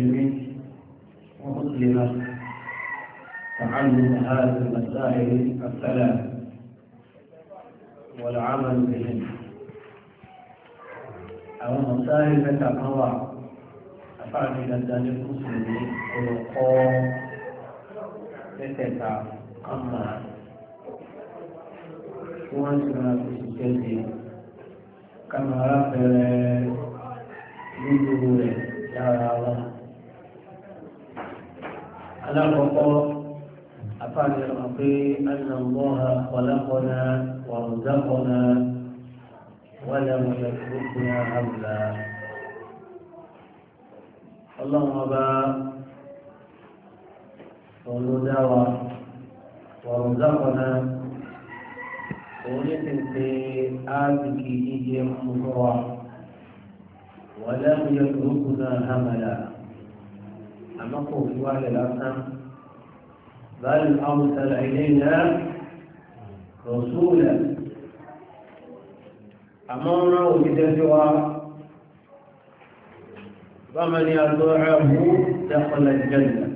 المسلمين ومسلمات تعلم هذه المسائل الثلاث والعمل بهن أو مسائل تقوى أفعل لدان المسلمين ويقوم تتتع أما وانتنا في كما رفع من ظهوره يا الله alákọ̀ọ́kọ́ afáàlẹ́ ọ̀nà pé alìnàmọ́ha ọ̀làkọ̀ọ́nà wàrúdàkọ̀ọ́nà wàlẹ̀ mọ̀lẹ́kùnrin àbùlà ọlọ́run ọba olùdáwà wàrúdàkọ̀ọ́nà òní ti ṣe áàbìkì jíjẹ mú fún wa wàlẹ́ mọ̀lẹ́kùnrin àbùlà àmọ́ kò fi wá lẹ̀ lásán báyìí àwùsàlà ilé náà rọ̀ṣúlẹ̀ àmọ́ wọn òṣìṣẹ́ sí wa báwo ni àtọ́ ẹ̀hú dẹ́kọ̀lẹ̀ jẹ́nà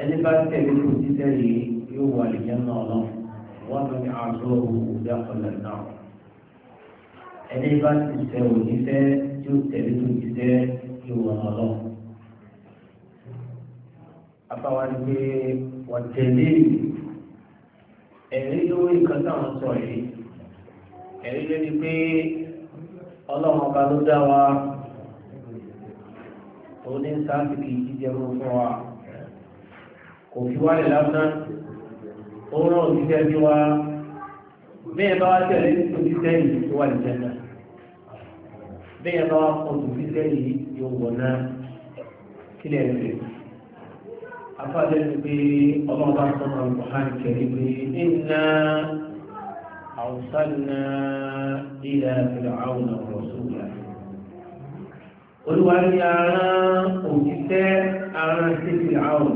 ẹni bá tẹ̀lé kò títẹ̀ yìí yóò wà lè jẹ́nà ọ̀nà wọ́n tó ní àtọ́ ẹ̀hú dẹ́kọ̀lẹ̀ náà ẹni bá ti tẹ̀ òní fẹ́ yóò tẹ̀lé kò títẹ̀ yóò wà lọ́wọ́ afáwájú wọ́n tẹ̀lé ẹ̀rí lórí nǹkan táwọn sọ yìí ẹ̀rí lórí pé ọlọ́run ọba ló dá wa òun ní sáàtì kì í jíjẹ mú fún wa kò fi wálẹ̀ lásán ó rán òṣìṣẹ́ bí wa bẹ́ẹ̀ bá wá tẹ̀lé nítorí sẹ́yìn tó wà ní jẹ́nà bẹ́ẹ̀ bá wá kọ́ òṣìṣẹ́ yìí yóò wọ̀ náà kílẹ̀ rẹ̀ àfáàjẹ́ ti pé ọlọ́ọ̀bá sọ́nà Al-Qur'an Karim pé inna awsalna ila fir'auna rasula olúwa ní ara òjíṣẹ́ ara sí Fir'aun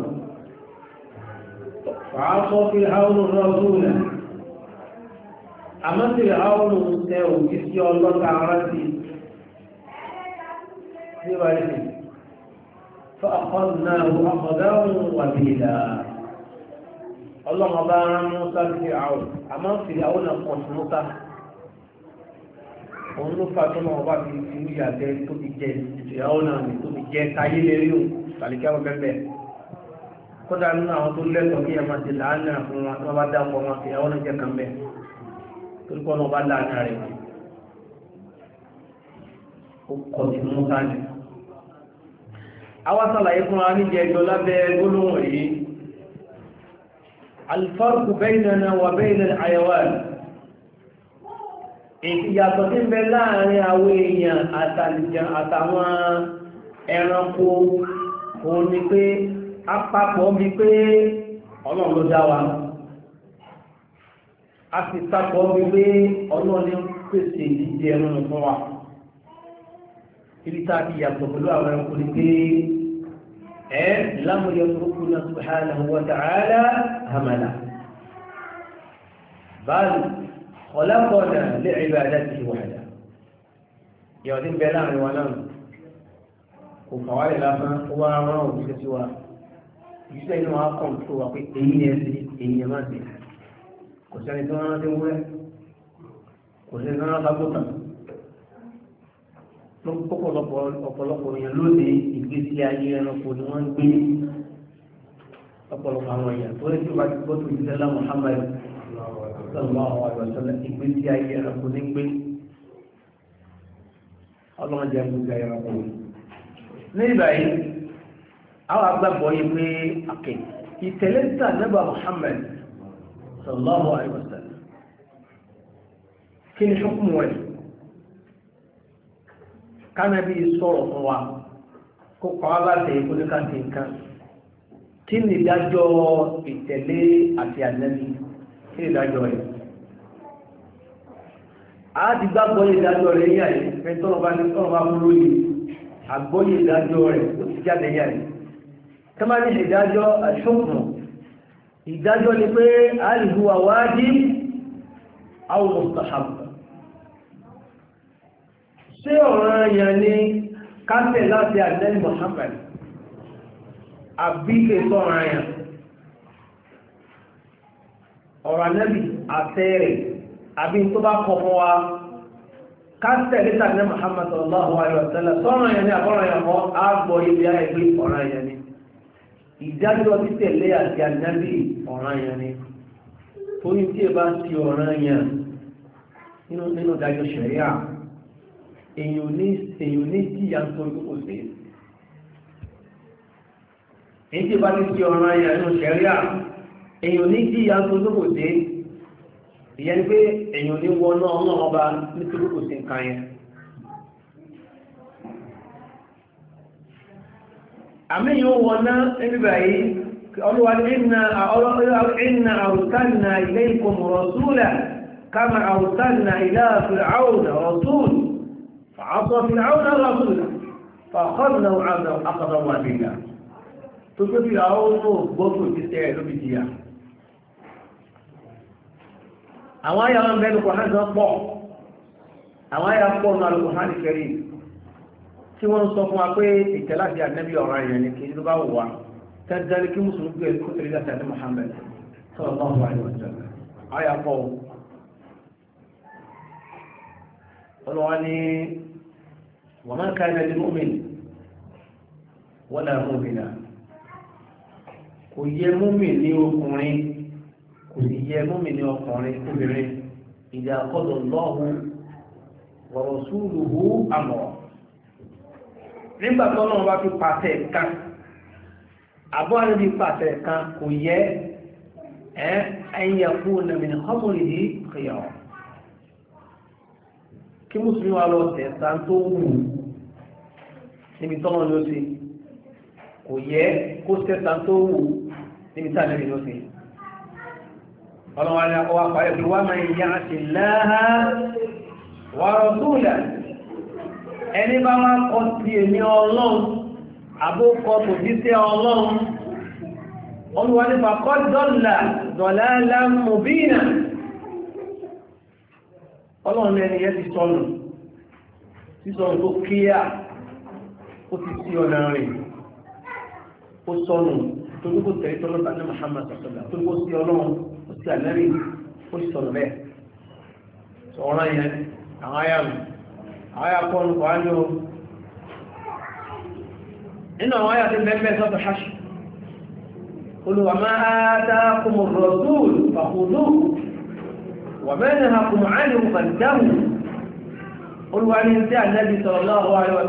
fàásọ́ Fir'aun rasula àmọ́ Fir'aun tẹ òjíṣẹ́ ọlọ́ta ara sí bí فأخذناه أخذا وبيلا ọlọ́run bá rán mọ́sá sí àwọn àmọ́ sí àwọn náà pọ̀ sí mọ́sá òun ló fà tó náà bá fi fi wíyà jẹ tó fi jẹ ìyàwó náà ní tó fi jẹ táyé lérí o tàbíkẹ́ àwọn bẹ́ẹ̀ kódà nínú àwọn tó lẹ́tọ̀ọ́ kí ẹ̀ máa ti làánà fún wọn tí wọ́n bá dápọ̀ wọn sí ìyàwó náà jẹ́ kan bẹ́ẹ̀ torí kọ́ náà bá làánà rẹ̀ ó kọ̀ sí mọ́sá nìyí àwọn sàlàyé fún wa ní jẹjọ lábẹ́ gbólóhùn yìí alfarku baynana wa bayna al-hayawan ìyàtọ̀ tí ń bẹ láàrin àwọn èèyàn àtàlìjàn àtàwọn ẹranko òun ni pé apapọ̀ bí pé ọlọ́run ló dá wa a sì papọ̀ bí pé ọlọ́run pèsè ìdíje ẹran fún wa ibi tá a ti yàtọ̀ pẹ̀lú àwọn ẹranko ni pé ẹ lámúyọ burúkú náà subhanahu wa ta'ala hamala báàlù ọ̀làkọ̀ọ̀nà lè ẹ̀rọ àdá ti wàhálà ìyàwó tí ń bẹ láàrin wa náà kò fàwálẹ̀ lásán ó wá rán òṣìṣẹ́ sí wa kò sẹ́ni tí wọ́n rántí wúrẹ́ kò lọ́pọ̀lọpọ̀ ọ̀pọ̀lọpọ̀ èèyàn lónìí ìgbésí ayé ẹranko ni wọ́n ń gbé ọ̀pọ̀lọpọ̀ àwọn èèyàn tó lẹ́sí wájú bọ́tù ìdílẹ́lá Muhammad sallallahu alaihi wasallam ìgbésí ayé ẹranko ní gbé ọlọ́run jẹ́ gbogbo ẹranko. ní ìbáyìí àwọn agbábọ̀ yìí pé àkè ìtẹ̀lẹ́sà nẹ́bà Muhammad sallallahu alaihi wasallam kí ni ṣọ́kùnrin wọ̀nyí kánàbí sọ̀rọ̀ fún wa kó kọ́ aláṣẹ ìpolókàtì nǹkan kí ni ìdájọ́ ìtẹ̀lé àti ànẹ́bí kí ni ìdájọ́ rẹ̀ a ti gbàgbọ́ ìdájọ́ rẹ̀ yíyà yìí fẹ́ tọ́rọ bá ní tọ́rọ bá múlò yìí àgbọ́yé ìdájọ́ rẹ̀ ó ti jáde yíyà yìí kama ní ìdájọ́ àṣọ́kùn ìdájọ́ ni pé alìhùwà wájí àwọn mustahab ṣé ọ̀ràn àyàn ni kásẹ̀ láti àdẹ́lì Muhammad àbí kèsọ̀ ọ̀ràn àyàn ọ̀rọ̀ ànẹ́bì àtẹ́rẹ̀ àbí tó bá kọ fún wa kásẹ̀ lẹ́tà ní Muhammad sallallahu alaihi wa sallam sọ́rọ̀ àyàn ni àbọ̀rọ̀ àyàn mọ́ àgbọ̀ ibi ara ìgbé ọ̀ràn àyàn ni ìdájọ́ títẹ̀lé àti ànẹ́bì ọ̀ràn àyàn ni torí tí ẹ bá ti ọ̀ràn àyàn nínú dájọ́ ṣẹ̀ríà èyàn ní jìyà ń tó ìkókò sí èyí tí bá ní sí ọ̀ràn ẹ̀yà inú sẹ́ríà èyàn ní jìyà ń tó ìkókò sí ìyẹn pé èyàn ní wọná ọmọ ọba ní tó ìkókò sí nǹkan yẹn àmì yóò wọná ẹbí báyìí ọlọ́wà ìnà àwùtánà ilé ìkọmọ̀rọ̀ súlẹ̀ kama àwùtánà ilé àfìlà àwùdà rọ̀ súlẹ̀ فعصى فرعون الرسول فأخذناه na وبيلا tó gbé bí àwọn gbọ́tò títẹ́ ẹ̀ lóbi jìyà àwọn ayà wọn bẹ́ẹ̀ lùkọ̀ hàn pọ̀ àwọn ayà pọ̀ náà lùkọ̀ hàn kẹrì tí wọ́n sọ fún wa pé ìtẹ́lá di ànábì ọ̀rọ̀ ni kí ló bá wù wá tẹ́tẹ́lẹ́ kí mùsùlùmí gbé kó tẹ̀lé láti àdé Muhammad sọ̀rọ̀ bá wà ní ọjọ́ ayà pọ̀ ọlọ́wọ́ ní wọ́n máa ń ká ẹgbẹ́ mọ́mìn wọ́n dà mọ́mìnà kò yẹ mọ́mìn ní ọkùnrin kò sì yẹ mọ́mìn ní ọkùnrin obìnrin ìjà kọ́dọ̀ lọ́hùn wọ̀rọ̀ súlùú àmọ̀ nígbà tó náà bá fi pàṣẹ kan àbọ̀ àti fi pàṣẹ kan kò yẹ ẹ̀yẹ̀kú nàmìnà ọmọlìyí kìyàwó kí mùsùlùmí wa lọ tẹ̀sà tó wù níbi tọ́nà ló ṣe kò yẹ kó tẹ̀sà tó wù níbi tá àlẹ́ ló ṣe ọlọ́wọ́ ni ọwọ́ àpàrẹ bí wá máa yá àti láhá wà rọ̀túùlà ẹni bá wá kọ sí èmi ọlọ́run àbókọ kò sí sí ọlọ́run olùwà nípa kọ́ dọ́là dọ̀là lámùbínà ọlọ́run ẹni yẹn ti sọnù sísọnù tó kíyà ó ti sí ọ̀nà rìn ó sọnù tó ní kò tẹ̀lé tọ́lọ́ sani Muhammad sọ̀tọ̀lá torí kò sí ní sì sọnù bẹ́ẹ̀ sọ̀rọ̀ yẹn àwọn ayà mi àwọn ayà kọ́ ọ̀nù kọ́ á ní o nínú àwọn ayà tí bẹ́ẹ̀ bẹ́ẹ̀ a ni ṣáṣì olùwàmọ́ á dá kó mo rọ̀ dúró fàkúrú ومنهكم عنه فانتهوا olúwa wa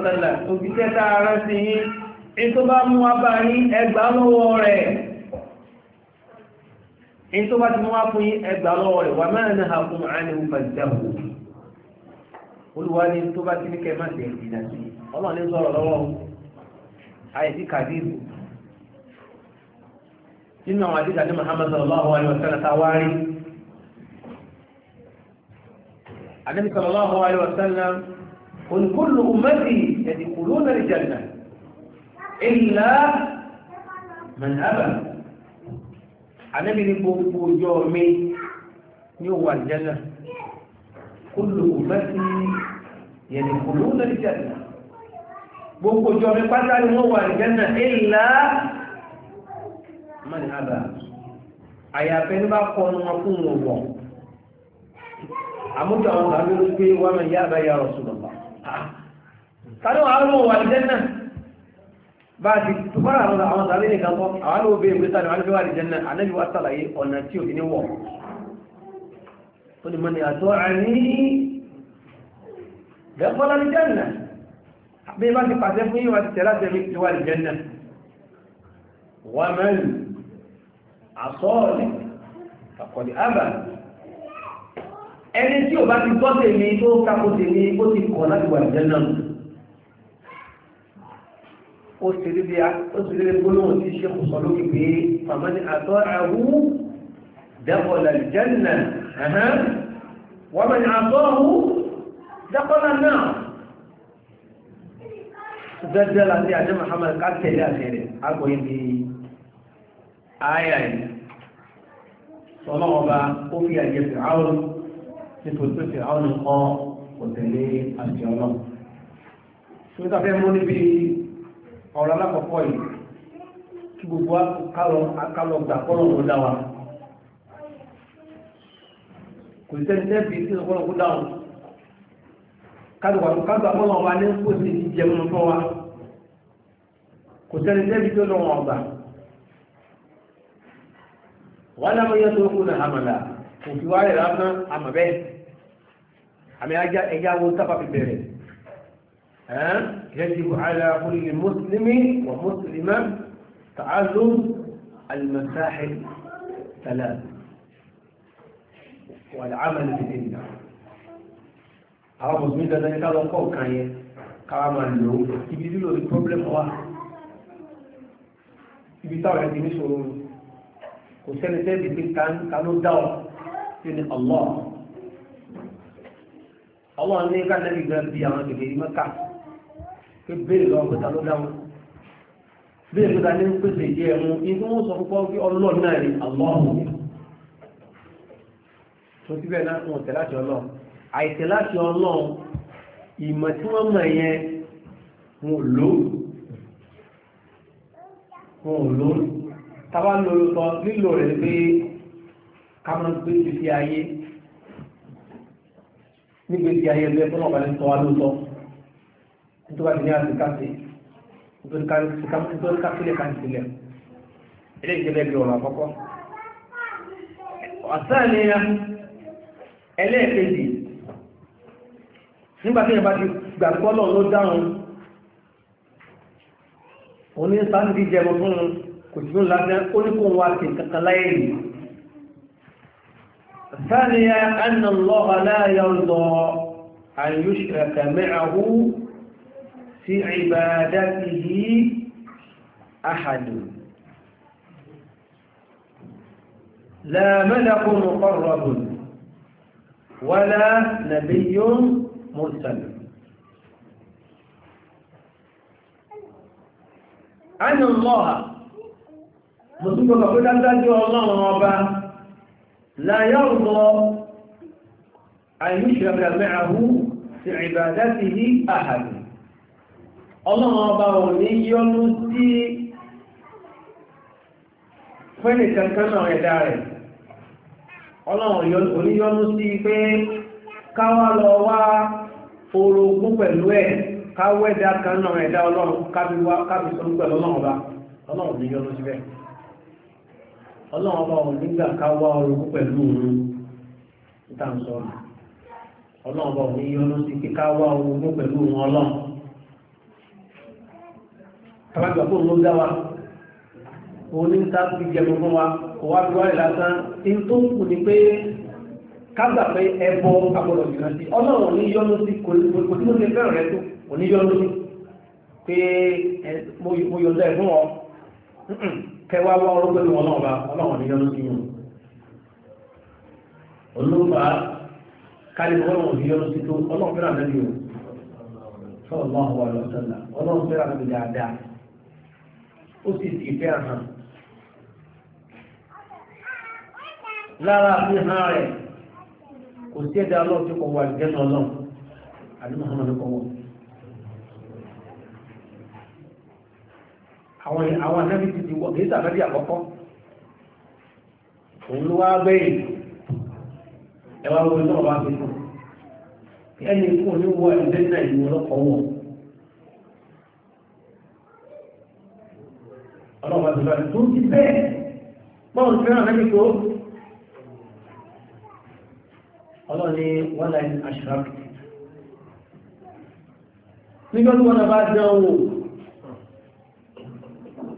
sallam òbíṣẹ́ tá a rán sí yín in tó bá mú wá bá yín ẹgbàá lọ́wọ́ rẹ̀ in tó bá ti mú wá fún yín ẹgbàá wa ma nahakum ní النبي صلى الله عليه وسلم قل كل أمتي يدخلون الجنة إلا من أبى النبي نبوكو يومي يوى الجنة كل أمتي يدخلون الجنة gbogbo ìjọ mi pátá ni wọ́n wà ìjẹ́nà ìlà mọ́ni àbá àyàfẹ́ ní bá kọ́ ọmọ fún wọn wọ̀n àmújọ àwọn tàbí ló pé wọ́n mẹ́ yáàbá yá Rasulullah ah, tàbí wọ́n àwọn ọmọ wàlìjẹ́ náà bá ti túbára àwọn àwọn tàbí ní kan kọ́ àwọn àwọn obìnrin pé tàbí wọ́n wàlìjẹ́ náà anábì wá sàlàyé ọ̀nà tí ò ní wọ̀ ó ní mọ́ ni àtọ́ àní dẹ́kọ́lá ní jẹ́nà bí bá ti pàṣẹ fún yíwa ti tẹ̀lá tẹ̀lé ti wà ní jẹ́nà wọ́n mẹ́rin àsọ́ọ̀lẹ̀ àkọ̀lẹ̀ àbàlẹ̀ ẹni tí ò bá ti gbọ́ tèmi tó kápò tèmi ó ti kọ̀ láti wà ìjẹ́ náà ó ti rí bí ó ti rí gbólóhùn tí ṣe kò sọ lókè pé màmá ni àtọ́ àwú dẹ́kọ̀lá ìjẹ́nà wọ́n mọ̀ ní àtọ́ àwú dẹ́kọ̀lá náà dẹ́dẹ́ láti àjẹ́ Muhammad ká tẹ̀lé àtẹ̀rẹ̀ agbóyin bí ayà yìí sọlọ́wọ́ bá ó fi àjẹ́ fìràwọ̀ nítorí pé fìrà ọ̀nà kọ́ kò tẹ̀lé àṣẹ ọlọ́run. ṣé tàbí mú níbi ọ̀rọ̀ alákọ̀ọ́kọ́ yìí kí gbogbo akálọ̀ gbà kọ́lọ̀ ló dá wa. kò sẹ́ni tẹ́bi tí ó kọ́lọ̀ kó dá wọn. kálùwà tó kálùwà kọ́lọ̀ wa ní kó sì ti jẹun fún wa. kò sẹ́ni tẹ́bi tí ó lọ́wọ́ ọgbà. wàhálà mọ̀ yẹn tó kú ní àmàlà òfin wa rẹ̀ lásán àmàbẹ́. أمي أجا أجا وانتفق بيرين يجب على كل مسلم ومسلمة تعلم المساحل ثلاث والعمل في دين يعني الله أرى مزمين ذلك هذا القول كان كما لو تبدي له البروبلم هو تبدي تعالى تبدي شروع وسنة تبدي كان كانوا دعوة الله ọlọ́run ní ká lẹ́yìn gbẹ́ bí àwọn kèké ní mẹ́ka pé béèrè lọ́wọ́ pẹ̀ta ló dáwọn béèrè pẹ̀ta ní pèsè ìdí ẹ̀mú inú wọn sọ fúnpọ̀ pé ọlọ́run náà rí àlọ́ọ̀hún tó síbẹ̀ náà wọn tẹ̀ láti ọlọ́run àìtẹ̀ láti ọlọ́run ìmọ̀ tí wọ́n mọ̀ yẹn wọn ò lò wọn sọ lílò rẹ̀ pé níbi tí ayé ẹgbẹ́ tó lọ́pàá ní sọ wá lóòótọ́ nítorí àti ní àtìkáṣe nítorí káṣílẹ̀ káṣílẹ̀ ilé ìjẹ́lẹ̀ bí ọ̀rọ̀ àkọ́kọ́ ọ̀sánìyàn ẹlẹ́ẹ̀kejì nígbàtí ìyẹn bá ti gbàgbọ́ lọ ló dáhùn oní sáńdì jẹ́ ọdún kò sí ń lásán ó láyé yìí الثانية أن الله لا يرضى أن يشرك معه في عبادته أحد لا ملك مقرب ولا نبي مرسل أن الله مصدق قد أنت أجل الله وبا لا يرضى أن يشرك معه في عبادته أحد الله أباوني ينسي fẹ́ni kankan náà ẹ̀dá rẹ̀ ọlọ́run oníyọ́nú sí pé káwà lọ wá orogún pẹ̀lú ẹ̀ káwẹ́dá kan náà ẹ̀dá ọlọ́run ọlọ́run ọba òun nígbà ká wá orogún pẹ̀lú òun níta ń sọ ọlọ́run ọba òun yọnu sí kí ká wá orogún pẹ̀lú òun ọlọ́run kábàgbà fún òun ló dá wa òun ní ká fi jẹ gbogbo wa kò wá fi wáyé lásán tí ń tó kù ni pé kágbà pé ẹbọ agbọ́dọ̀ jìnnà sí ọlọ́run òun yọnu sí kò tí mo ṣe fẹ́ràn rẹ tó òun yọnu pé mo yọ̀ǹda ẹ̀ ọ kẹwàá wá orúkọ ní wọn náà bá ọlọ́wọ̀n ní yọ́nú sí yín olóòfà kálí ọlọ́wọ̀n ní yọ́nú dị ọlọ́wọ̀n fẹ́ràn lẹ́nu yòó sọ̀rọ̀ náà wà lọ́sọ̀lá ọlọ́wọ̀n fẹ́ràn lẹ́nu dáadáa ó sì sì fẹ́ hàn lára fi hàn rẹ̀ kò sí àwọn àwọn anábì ti ti wọ kìí sànábì àkọ́kọ́ òun ló wá gbẹ̀yìn ẹwà wo ní ọba fi kù kí ẹni kú ní wọ ẹgbẹ́ náà ìlú ọlọ́kọ̀ wọ̀ ọlọ́wọ́ ti bá tó ti bẹ́ẹ̀ bọ́ọ̀lù fẹ́ràn anábì tó ọlọ́ni wọ́n láì bá jẹun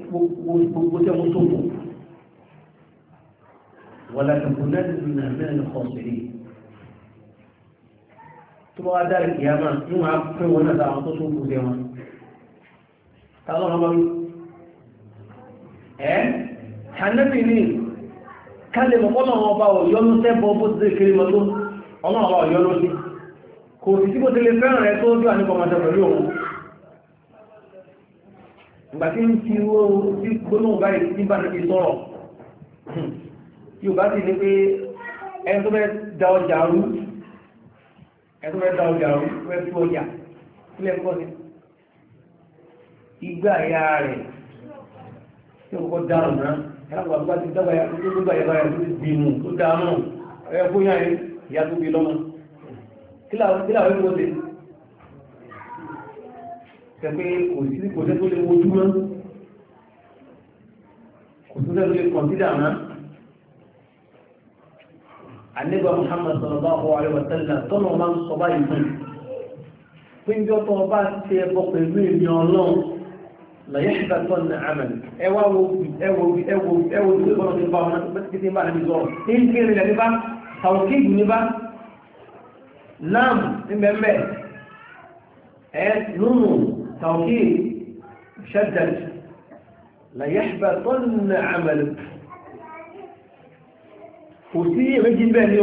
gbogbo tẹ́ mo tó mọ̀ wàlá kankan náà ti nà mẹ́rin kọ́ sílẹ̀ tó bá wá dárí kìyàmá ń wá pín wọn náà táwọn tó tó kù sí wọn táwọn ọmọ mi ẹ hànẹ́bì ni kálí mọ̀ fọ́nà ọba ọ̀yọ́nú sẹ́bọ̀ bó ti kiri mọ́ tó ọlọ́run ọba ọ̀yọ́nú sí kò sì sí bó ti lè fẹ́ràn rẹ tó dúwà nípa ọmọdé pẹ̀lú òun ìgbà tí ń fi owó tí gbólóhùn báyìí ní bá níbi sọ̀rọ̀ Yorùbá sì ní pé ẹni tó fẹ́ da ọjà rú ẹni tó fẹ́ da ọjà rú fẹ́ tú ọjà sílẹ̀ ń kọ́ ni igbá ẹ̀yà rẹ̀ tí ó kọ́ dárò náà ẹ̀rọ àgbà ti dábàá yàtọ̀ tó tó di mù tó dáa mù ẹ̀yà kó tó bi lọ́mọ kí làwọn ẹ̀kọ́ ṣe tẹ̀pẹ́ kò sí kò tẹ́ tó lè wojú mọ́ kò tó tẹ́ tó lè kọ̀ǹsídà mọ́ àníbà Muhammad sallallahu alaihi wa sallam tọ́nà ọba ń sọ báyìí fún pínjọ́ tó ọba ti ẹbọ pẹ̀lú èmi ọlọ́run lẹ́yìn ìgbà tó ní àmì ẹwà wo ẹwọ ẹwọ ẹwọ ìwé bọ́lá ní bá wọn pẹ́tí tí ń bá níbi sọ̀rọ̀ ní kí ni lẹ́ni bá tàwọ̀kì ní bá náà ní mẹ́mẹ́ ẹ lónìí توكيل شدد ليحبطن عملك kò sí èméjì bẹ́ẹ̀ ni o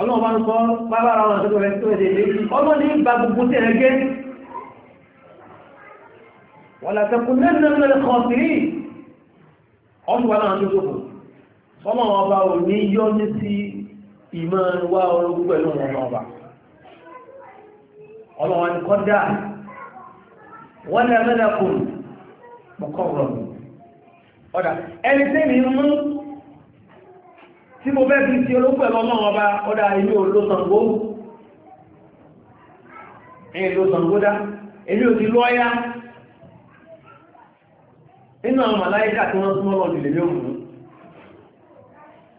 ọlọ́wọ́ bá ń sọ pápára wọn àtọ́kọ̀ rẹ̀ tó ẹ̀dẹ̀ méjì ọlọ́ ní ìgbà gbogbo tí ẹ̀rẹ́ gẹ́ wọ́n látẹ̀kù mẹ́rin náà lẹ́lẹ́ kan sí ọdún wà náà ọlọ́wọ́ ni kọ́dá wọ́n ní amẹ́lẹ́kùn mọ́kànlọ́ ọ̀dá ẹni tí mi mú ọba àwọn màláíkà tí wọ́n súnmọ́ lọ́dún lè òun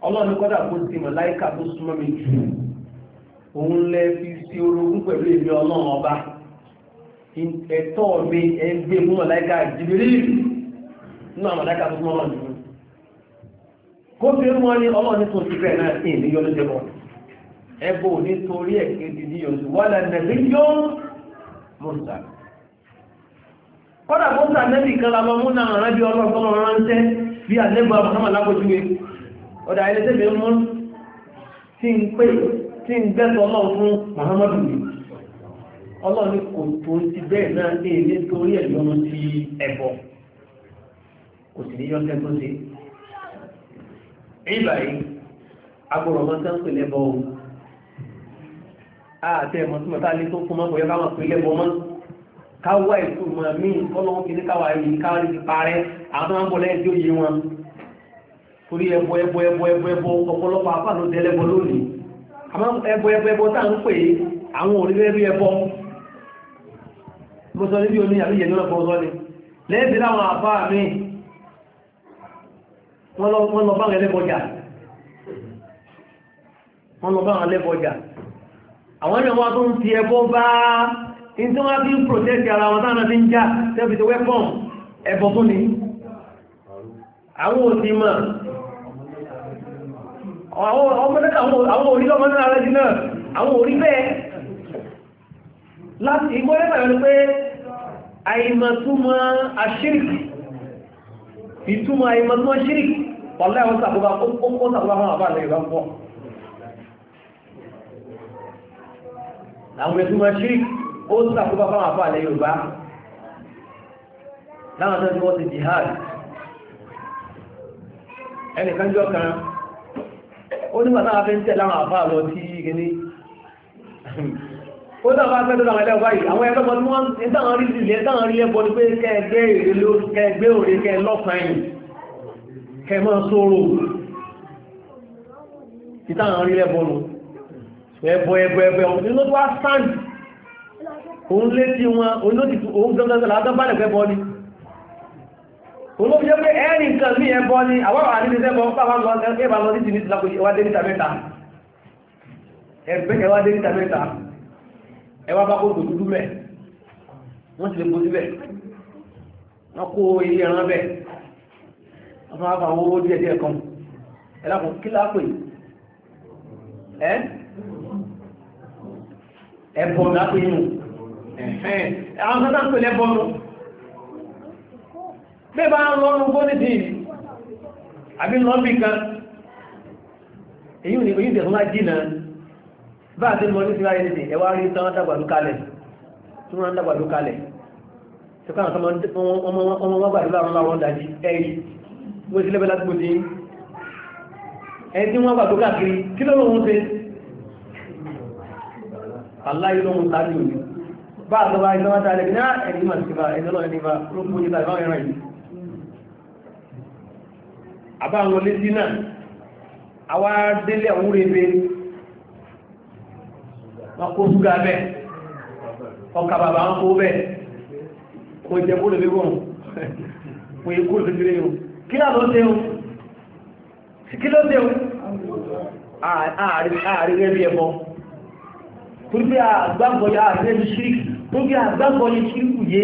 ọlọ́run kọ́dà kó ti màláíkà tó súnmọ́ mi jù òun lẹ fi sí orogún pẹ̀lú èmi ọlọ́run ọba ẹ̀tọ́ mi ẹ mú màláìka jìbìrì nínú àwọn tó mọ́ ọ̀nà kó fi mú ọ ní ọlọ́run ní tòun ti bẹ́ẹ̀ náà sí ìní yọ́nú jẹ́bọ̀ ẹbọ nítorí ẹ̀ kejì ní yọ̀nù wà lẹ́nu ẹ̀mí yọ́ mọ́sà kọ́dà mọ́sà nẹ́bì kan lábọ́ mú náà rán bí ọlọ́run tọ́lọ́ bí ọ̀dà tí ń gbẹ́sọ̀ ọlọ́run fún Muhammadu ni ọlọ́run kò tó ti bẹ́ẹ̀ náà ní ilé torí ẹ̀ lọ́run ti ẹ̀bọ kò sì ní yọ́sẹ́ tó ṣe ìgbà yìí agbọ̀rọ̀ ọmọ tán pè lẹ́bọ o àti ẹ̀mọ́ tí mo tá lé tó fún mọ́ bóyá káwọn pè mọ́ kìíní parẹ́ àwọn máa àmọ́ ẹbọ ẹbọ ẹbọ tá ń pè àwọn òrìlẹ̀ rí ẹbọ mo sọ níbi oní àríyẹ ní ọ̀pọ̀ ọ̀sọ́ ni lẹ́ẹ̀sì láwọn àbá mi wọ́n lọ bá àwọn ẹlẹ́bọjà àwọn ẹlẹ́bọjà àwọn tó ń fi ẹbọ bá ní tí wọ́n fi ń protect ara wọn táwọn ti ń já tẹ́bi ti ẹbọ fún ni àwọn òsì mọ̀ àwọn orílọ́mọ náà rẹ̀ jìnà àwọn orí bẹ́ẹ̀ láti igbó rẹ̀ pẹ̀lú pé àìmọ̀túnmọ̀ àṣíríkì ìtumọ̀ àìmọ̀túnmọ̀ àṣíríkì pọ̀lá ẹ̀wọ́n sàbúgbà ó sàbúgbà fún àbá àlẹ́ ìbáfọ́ àwọn ẹ̀túnmọ̀ àṣíríkì ó sàbúgbà fún àbá àlẹ́ Yorùbá láwọn tó ti wọ́n ti jihad ẹnìkan jọ kan ó nígbà táwọn afẹ́ ń tẹ̀ láwọn àfáà lọ tí gini ó dáwọn afẹ́ tó dáwọn ẹlẹ́wọ̀ báyìí àwọn ẹlẹ́wọ̀ tí wọ́n ń táwọn rí sílẹ̀ táwọn rí lẹ́bọ̀ ni pé kẹgbẹ́ èrè ló kẹgbẹ́ òrè kẹ lọ́kàn kẹ mọ́ sóró tí táwọn rí lẹ́bọ̀ nù ẹbọ ẹbọ ẹbọ ọ̀hún nínú tó wá sáǹdì òun létí wọn òun ló ti òun olóbi jẹ́ pé ẹ́rì nǹkan ní ẹbọ ni àwọn àdínisẹ́ bọ́ pàpà lọ ẹbà lọ títí ní ìtìlápò ẹwà dé níta mẹ́ta ẹwà dé níta mẹ́ta ẹwà bá kó gbòdúdú mẹ́ wọ́n ti lè gbòdú bẹ́ wọ́n kó ilé ẹran bẹ́ wọ́n máa fa owó díẹ̀ díẹ̀ kan ẹlákùn kí lápè ẹ́ ẹ̀bọ̀n lápè yìí àwọn sọ́tà ń pè lẹ́bọ̀n bẹ́ẹ̀ bá ń lọ́nu gónìtì àbí lọ́bì kan èyí ò ní èyí tẹ̀sán láti jìnà bá àti mọ́ ní síláyé nìtì ẹwà rí tán dàgbàdú kalẹ̀ tí wọ́n dàgbàdú kalẹ̀ tí káwọn ọmọ wọn gbàdúrà wọn láwọn dájí ẹ̀rí bó sílẹ̀ bẹ́ẹ̀ láti gbòdì ẹni tí wọ́n gbàdúrà kiri kí ló lóun ṣe aláyé lóun tàbí òní bá àtọ́wà ìtọ́wà tàbí náà ẹni mà sí bá ẹni lọ́ àbáwọn létí náà àwa délé àwúrẹ́bẹ́ wọn kó ṣúgà bẹ́ẹ̀ ọkà bàbá wọn kó bẹ́ẹ̀ kò jẹ́ kó lè fi wọ́n kò yẹ kó lè fi rẹ̀ yìí kí náà ló dé o kí ló dé o ààrẹ rẹ̀ bí ẹ̀bọ torí pé àgbàgbọ́ yà àti ẹ̀bí ṣírí torí pé àgbàgbọ́ ṣírí kù yé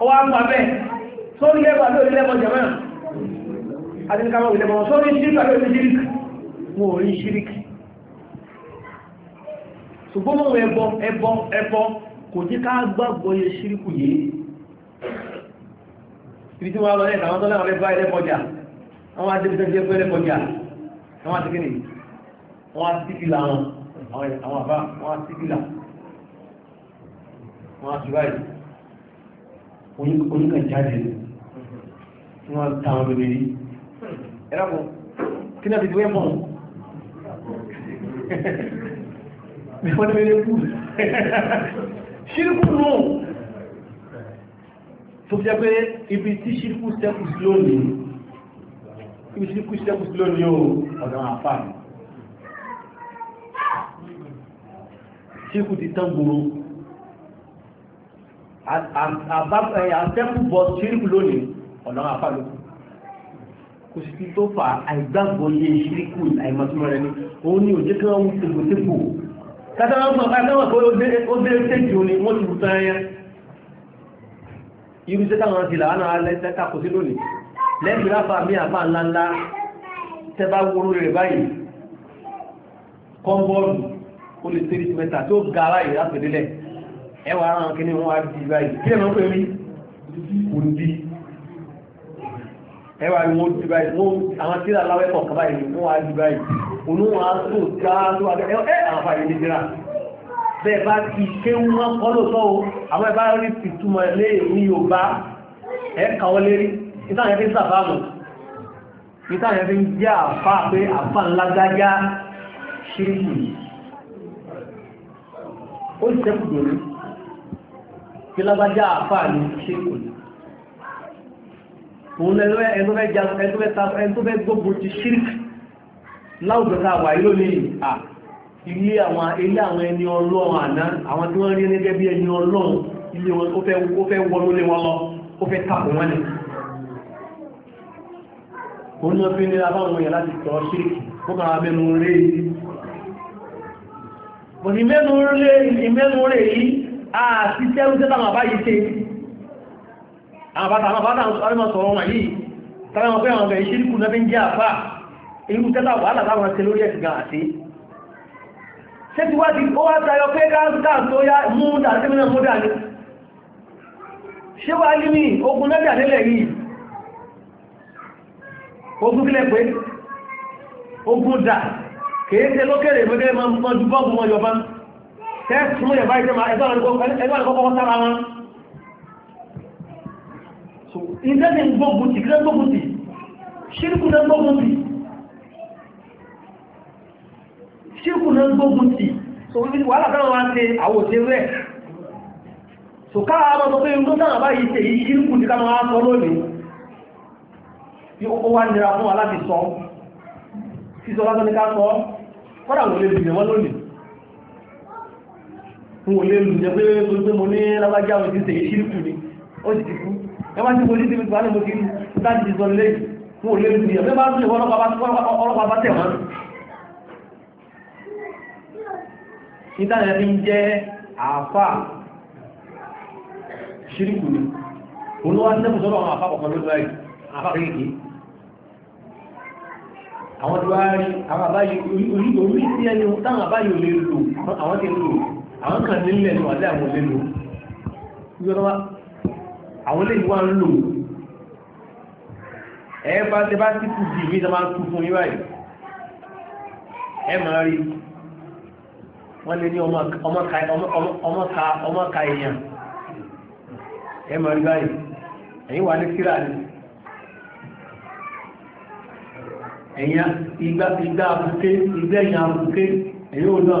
ọwá ń pa bẹ́ẹ̀ sórí lẹ́gbà lórí lẹ́gbọ́ jẹ̀mọ́ àti ní kàmọ́ ìlẹ́gbọ́ sórí ṣíríkà lórí ṣíríkà wọn ò rí ṣíríkà ṣùgbọ́n mọ́ ẹbọ ẹbọ ẹbọ kò tí ká gbàgbọ́ yẹ ṣíríkù yìí ibi tí wọ́n lọ lẹ́ka àwọn tó láwọn lẹ́gbà ẹlẹ́kọjà àwọn adébítẹ́ jẹ́ pé ẹlẹ́kọjà àwọn àti kíni wọ́n á sí fìlà wọn àwọn àbá wọ́n á sí fìlà wọ́n á sí báyìí oníkan jáde ní wọ́n ta àwọn obìnrin yìí ẹ̀rọ̀pọ̀ kí náà ti di wẹ́pọ̀ ní wọ́n tẹ́lẹ̀ kú ṣírkù nù tó fi jẹ́ pé ibi tí ṣírkù sẹ́kù sí lónìí ibi ṣírkù sẹ́kù sí lónìí ọ̀dọ̀ àfáà ṣírkù ti tán gbòòrò àtẹ́kùbọ̀ ṣíríkù lónìí ọ̀nà àfàlùkù kò sí tó fà àìgbàgbọ́ yé ṣíríkù àìmọ̀túnmọ̀ rẹ̀ ni òun ni òjé kí wọ́n mú tègbòtègbò kátàlá mọ̀ kátàlá pé ó dé tèjì ni wọ́n ti wù tán ẹyẹ irú iṣẹ́ táwọn ti là wánà alẹ́ kò sí lónìí lẹ́yìn ráfà mí àfà ńláńlá tẹ́ bá wúrú rẹ̀ báyìí kọ́ńbọ́ọ̀lù ó lè tẹ́lẹ̀ mẹ́ta tó ga báyìí láti ẹwà àwọn kìíní wọn á di báyìí kí lè mọ́ pé rí kò di ẹwà ni wọ́n di báyìí wọ́n àwọn tíra láwẹ́ kọ̀ọ̀kan báyìí wọ́n á di báyìí òun wọn á tó ká tó wà bẹ́ẹ̀ ẹ àwọn fàyè ní dira bẹ́ẹ̀ bá ti ké wọn kọ́ lóòótọ́ o àwọn ẹ̀bá rí ìtumọ̀ lé ní Yorùbá ẹ̀ kàwọ́ lérí ìtàn yẹn fi ó ti sẹ́kù kí lágbájá àfà ní ṣékù ní òun ẹgbẹ́ gbogbo ti ṣírìkì láwùjọ tá a wà yíò ní à ilé àwọn ilé àwọn ẹni ọlọ́run àná àwọn tí wọ́n rí ní gẹ́gẹ́ bí ẹni ọlọ́run ilé wọn ó fẹ́ wọnú lé wọn lọ ó fẹ́ tàbí wọn ni ó ní ọdún ní abáwọn èèyàn láti tọ́ ṣíríkì ó kàn wá mẹ́nu rẹ̀ yìí àti tẹ́rúsẹ́ táwọn àbá yìí ṣe àwọn bàtà àwọn bàtà àwọn sọ̀rọ̀ wọn yìí tàbí wọn pé àwọn ọ̀gẹ̀ ìṣíríkù náà fi ń jẹ́ àfà irú tẹ́lá wàhálà láwọn ṣe lórí ẹ̀sìn gan àti ṣé ti wá ti ó wá tayọ pé káàkà tó yá mú dàtí mìíràn mú ní ogun lẹ́jà nílẹ̀ yìí ogun kílẹ̀ pé ogun dà kèé lókèrè mẹ́gẹ́ mọ́ bọ́ọ̀bù mọ́ yọba tẹ́ẹ̀sì mú yẹ̀bá ìjẹ́ máa ẹgbẹ́ àlùkọ́kọ́ sára wọn ìjẹ́ ní gbógunti kílẹ̀ gbógunti ṣírkù náà gbógunti ṣírkù náà gbógunti so wàhálà táwọn wá ń ṣe àwọn òṣè rẹ̀ so káà máa sọ pé irú táwọn bá yìí ṣe yìí ṣírkù ti káwọn wá sọ lónìí bí ó wá nira fún aláti sọ sísọ lásán ní ká sọ kọ́dà wọlé bìnrin wọn lónìí mo lè lù jẹ́ pé gbogbo mo ní lábájá òun ti tèyí ṣírìkù ni ó sì ti kú ẹ má ti mo ní ti fi mo ti rí bá ti sọ lé mo lè lù jẹ́ pé bá tún ìwọ ọlọ́pàá bá tẹ̀ wọ́n. ìtànà ti ń jẹ́ àáfà ṣírìkù ni olúwa ń tẹ́kù sọ́dọ̀ àwọn àáfà kọ̀ọ̀kan lójú ayé àáfà àwọn tí wàá rí àwọn àbáyé orí orí sí ẹni táwọn àbáyé ò lò àwọn ti lò àwọn kan nílẹ̀ ní wàdí àwọn olè lò yọ́nà àwọn olè wà ń lò ẹ bá tẹ bá títù bí ìwé ìjọba ń kú fún yín báyìí ẹ máa rí wọ́n lè ní ọmọ ka èèyàn ẹ máa rí báyìí ẹ̀yìn wà ní kíra ni ẹ̀yìn igbá abúké igbá ẹ̀yìn abúké ẹ̀yìn òun náà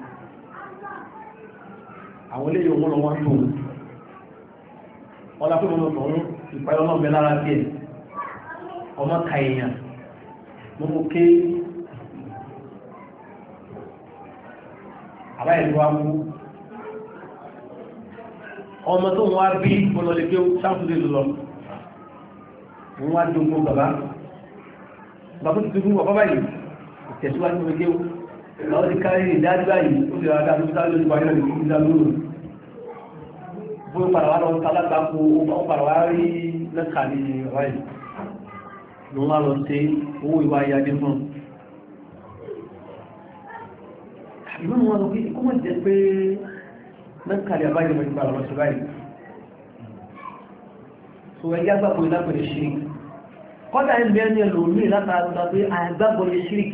àwọn ilé yóò mọ́lọ wọ́n tó ọlá fún ọmọ tọ̀rún ìpayọ́ náà bẹ́ẹ̀ lára díẹ̀ ọmọ ka èèyàn ló mú ké àbáyẹ̀lú wa mú ọmọ tó wọ́n á bí ọlọ́lẹ̀ pé sáfúdé lọ wọ́n á dógún bàbá bàbá tó ti dúró wà bàbá yìí ìtẹ̀síwájú ọmọ kéwù àwọn ti kárí ìdájúwà yìí ó lè rárá tó sáré lórí wáyé lórí ìdá lóòrò fún ìpàdàwà lọ tálágbàkó ó pàdàwà rí lẹ́ka ní ọ̀rọ̀ yìí ló wá lọ sí owó ìwà ìyájé fún ìlú wọn lọ pé kó mọ̀ jẹ́ pé lẹ́ka ní àbájọ mọ̀ nípa ọ̀rọ̀ ṣùgbọ́n yìí tó ẹjẹ́ àgbàpọ̀ ìlápẹ̀lẹ̀ ṣírí kọ́dà ẹ̀ bẹ́ẹ̀ ni ẹlòmíì látara pé àgbàpọ̀ ìṣírí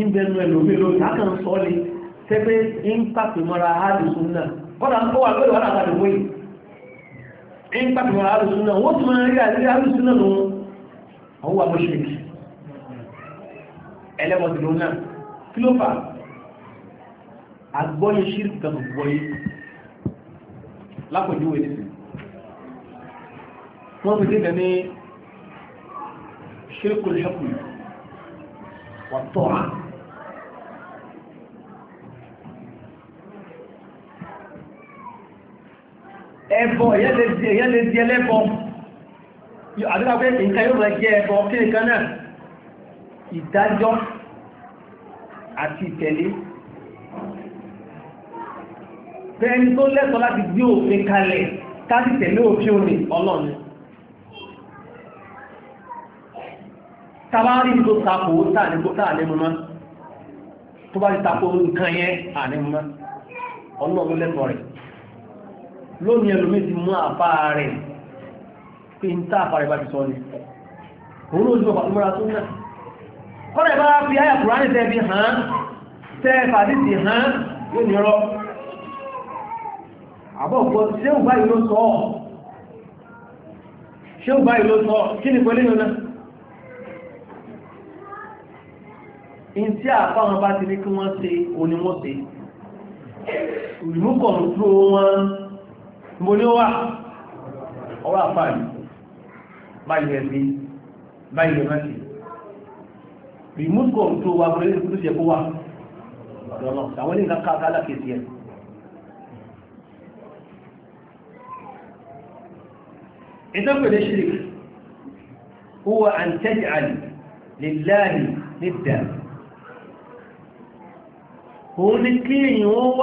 ń bẹnu ẹlòmí lórí lákàn sọ ni tẹ́gbẹ́ ń pàpè mọ́ra àdùsùn náà kọ́dà ń kọ́ wà lórí wàhálà àdùgbò yìí ń pàpè mọ́ra àdùsùn náà wọ́n ti máa rí àdúrí àdùsùn náà lòun àwọn wà mọ́ṣẹ́kì ẹlẹ́wọ̀n ti lòun náà kí ló ẹbọ èyàn lè di ẹlẹ́bọ àdúrà pé nǹkan yóò rẹ̀ jẹ́ ẹbọ kí nǹkan náà ìdájọ́ àti ìtẹ̀lé bẹ́ẹ̀ni tó lẹ́tọ̀ọ́ láti gbé òfin kalẹ̀ káti tẹ̀lé òfin òní ọlọ́ni tàbárí tó tapò tààlẹ́gbótà àlẹ́mọ́mọ́ tó bá ti tapò nǹkan yẹn àlẹ́mọ́mọ́ ọlọ́run lẹ́tọ̀ọ́ rẹ̀ lónìí ẹlòmí ti mú àpá rẹ̀ pé ń tá àpá rẹ̀ bá ti sọ ní òun ló jùlọ pàtàkì tó náà kọ́lẹ̀ bá fi àyà kùránì tẹ́bi hàn tẹ́ fàdísì hàn yóò ní rọ́ àbọ̀gbọ́ ṣéwù báyìí ló sọ ṣéwù báyìí ló sọ kí ni pẹ̀lú yóná in tí àpá wọn bá ti ní kí wọ́n ṣe oníwọ́n ṣe ìmúkọ̀ọ̀rùn tó wọn mo ní ó wà ọwọ́ àfáàní báyìí ẹ̀sí báyìí ẹ̀mẹ́sì remote control wa fún ẹ̀sìn tó ṣe kó wà lọ́nà àwọn ní nǹkan káàkiri alákèsí ẹ̀ ìtọ́pẹ̀lẹ̀ ṣíríkì هو أن تجعل لله ندا هو نكلين هو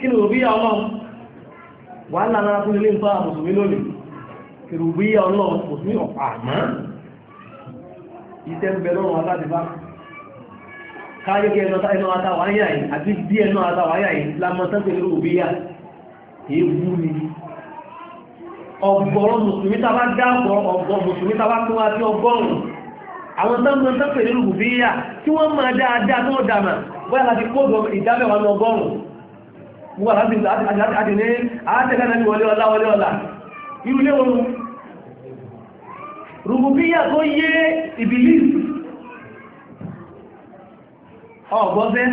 kìrùbíyà ọlọ́run wà lára fún ilé ìfà mùsùlùmí lónìí kìrùbíyà ọlọ́run mùsùlùmí ọ̀pá àmá ìtẹ́ ń bẹ lọ́rùn aládìbá káyékẹ́ ẹnu àtàwáyà yìí àti bí ẹnu àtàwáyà yìí lámọ́sánsẹ̀ kìrùbíyà ni ọgbọ̀rọ̀ mùsùlùmí tàbá dáàbọ̀ ọgbọ̀ mùsùlùmí tàbá tó wá sí ọgọ́rùn-ún àwọn tánmọ̀ tánpẹ̀ nínú bíyà tí wọ́n máa dáadáa tó dàmà bóyá láti wà láti àdìní àátẹ́lẹ́ náà ni wọlé ọlá wọlé ọlá irú lé wọn rùgbùbíyà tó yé ìbìlìs ọ̀gbọ́sẹ́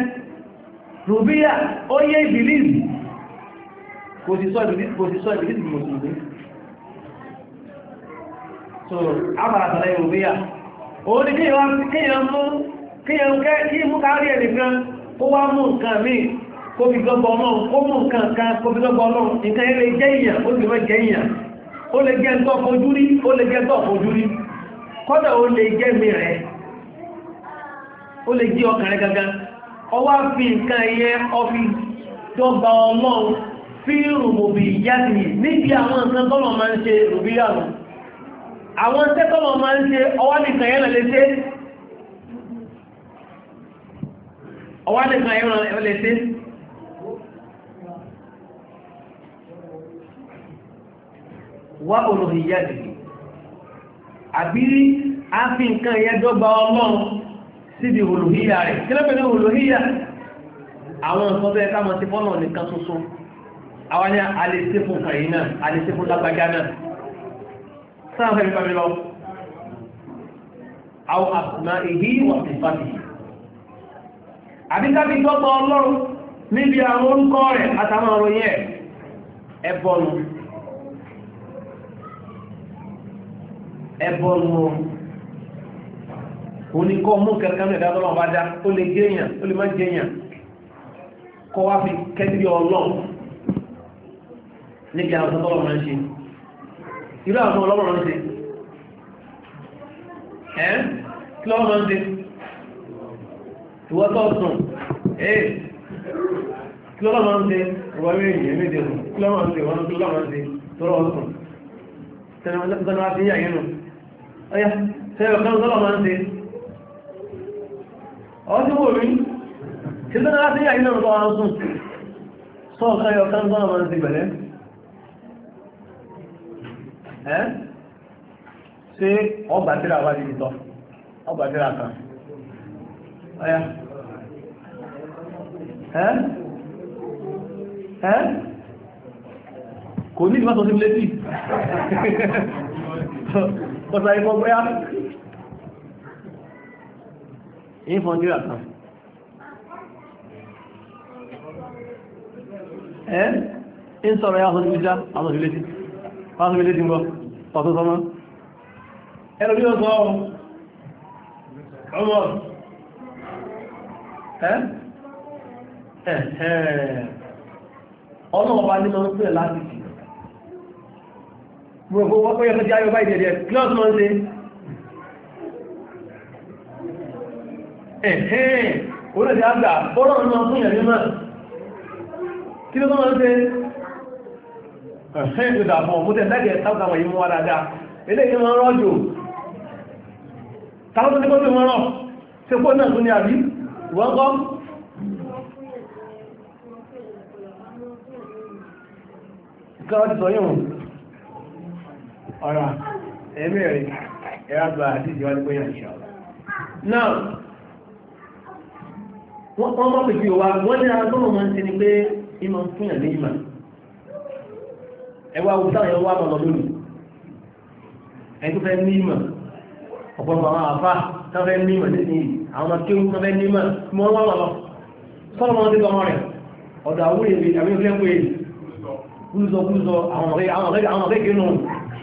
rùgbùbíyà ó yé ìbìlìs kò sì sọ ìbìlìs kò sì sọ ìbìlìs kò sì sọ so àbàràtàlẹ̀ rùgbùbíyà ó ní kíyàn mú kíyàn kẹ́ kí mú kárí ẹ̀ nìkan ó wá mú nǹkan míì kóbi gbọ́gbọ́ ọlọ́run ó mú nǹkan kan kóbi gbọ́gbọ́ ọlọ́run nǹkan ilé jẹ́ èèyàn ó sì mọ́ jẹ́ èèyàn ó lè jẹ́ ǹtọ́ fojú rí ó lè jẹ́ ǹtọ́ fojú rí kọ́dà ó lè jẹ́ mi rẹ̀ ó lè jí ọkàn rẹ̀ gangan ọwá fi nǹkan ẹyẹ ọfi dọ́gba ọlọ́run fi rùmùbì yáàdì níbi àwọn nǹkan tọ́lọ̀ máa ń ṣe rùbí yàrù àwọn tẹ́ tọ́lọ̀ máa ń ṣe ọwá nìkan yẹn lè ṣe ọwá nìkan yẹn lè ṣe wá olùhìyà dìde àbí a fi nǹkan yẹn dọ́gba ọlọ́run síbi olùhìyà rẹ̀ kí lẹ́pẹ̀ ní olùhìyà àwọn nǹkan bẹ́ẹ̀ ká mọ̀ sí fọ́nà nìkan tuntun àwọn ni a lè ṣe fún kàyí náà a lè ṣe fún lágbàjá náà sáà fẹ́ mi pàmì lọ àwọn àtùmá èyí wà sí fàbí àbíkábí dọ́gba ọlọ́run níbi àwọn orúkọ rẹ̀ àtàwọn ọ̀rọ̀ yẹn ẹ̀bọ̀nù ẹbọ nù oníkọ́ mú kankan mẹ́ta tọ́lọ́ bá dá ó lè jẹ́yàn ó lè má jẹ́yàn kọ́ wá fi kẹ́sìrì ọlọ́run níbi àwọn tọ́lọ́ máa ń ṣe irú àwọn ọlọ́run máa ń ṣe ẹ́ kí lọ́wọ́ máa ń ṣe ìwọ́ tó sùn ẹ́ kí lọ́wọ́ máa ń ṣe ìwọ́ mi èyí mi dẹ̀rù kí lọ́wọ́ máa ń ṣe ìwọ́n tó lọ́wọ́ máa ń ṣe tọ́lọ́ sùn tẹ̀lé wọn tó ń bá ti ń ọya tẹ́rẹ ọ̀kan ọ̀sọ́lọ̀ máa ń ṣe ọdí wò rí tí lọ́nà láti yà iná ọ̀sọ́ wọn sùn sọ ọ̀kan ọ̀kan ọ̀sọ́lọ̀ máa ń ṣe pẹ̀lẹ́ ẹ́ ṣe ọgbà tíra wá dìbì tọ́ kan ọya ẹ́ kò ní ìdí má sọ létí kọ́sá ikọ́ bóyá ìfọn díra kan ẹ́ ń sọ̀rọ̀ ya sọ́sí ìjá àtọ̀sílétí pàtàkìlétí ń gọ́ ọ̀tọ́ sọmọ́ ẹ̀rọ bí ó sọ ọmọ ẹ́ ẹ̀ẹ́ ọlọ́ọ̀bá nínú ń láti gbogbo wọ́n pẹ́yẹ fẹ́ jáyọ bá ìdẹ̀dẹ̀ close monday ẹ̀hẹ́n orílẹ̀-èdè àgbà bọ́rọ̀ ọmọ fún ìyẹ̀ mímọ̀ kí ló tó máa ń ṣe ẹ̀hẹ́n ìdà fún ọmọdé lẹ́gẹ̀ẹ́ sáàkàwà yìí mú wá dáadáa ilé ìyẹ́ máa rọ́ jù tàbí tó ní mọ́rọ̀ ṣe kó náà tún ní àbí wọ́n kọ́ Gáwàá ti sọ yìí ọ̀rọ̀ ẹ̀mẹ́rin ẹ̀rọ gba àdíjì wá nígbẹ́ ìrìnàṣọ́ náà wọ́n kọ́ mọ́ pẹ̀lú wa wọ́n ní agbọ́nà wọn ti ni pé ìmọ̀ fún ìyàn ní ìmọ̀ ẹwà òkúta yẹn wà lọ́lọ́ lónìí ẹni tó fẹ́ ní ìmọ̀ ọ̀pọ̀lọpọ̀ àwọn àfà tó fẹ́ ní ìmọ̀ nísìnyí àwọn ọmọ kéwù tó fẹ́ ní ìmọ̀ tí wọ́n wà lọ́lọ́ sọ́lọ́ wọn ti tọmọ rẹ̀ ọ̀dọ̀ àwúrẹ̀ àbí àwọn ọ̀rẹ́ kéwù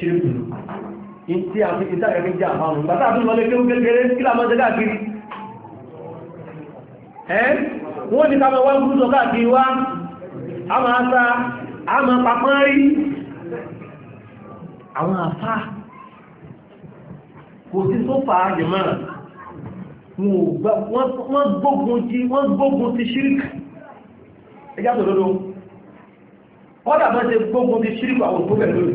ṣírìkù tí a fi ìtàkẹ́kẹ́ jẹ́ àmàrùn bàtà àtún lọ lé kéhù kékeré kí lámọ́ jẹ́ káàkiri ẹ́ wọ́n ni káàmọ́ wá gúúsọ káàkiri wá a máa sa a máa papán rí àwọn àfá kò sí tó fà á jẹ máa wọ́n gbógun ti wọ́n gbógun ti ṣírìkù ẹjá tó lọ́dọ̀ ọ́dà bá ṣe gbógun ti ṣírìkù àwọn òpópẹ̀ lórí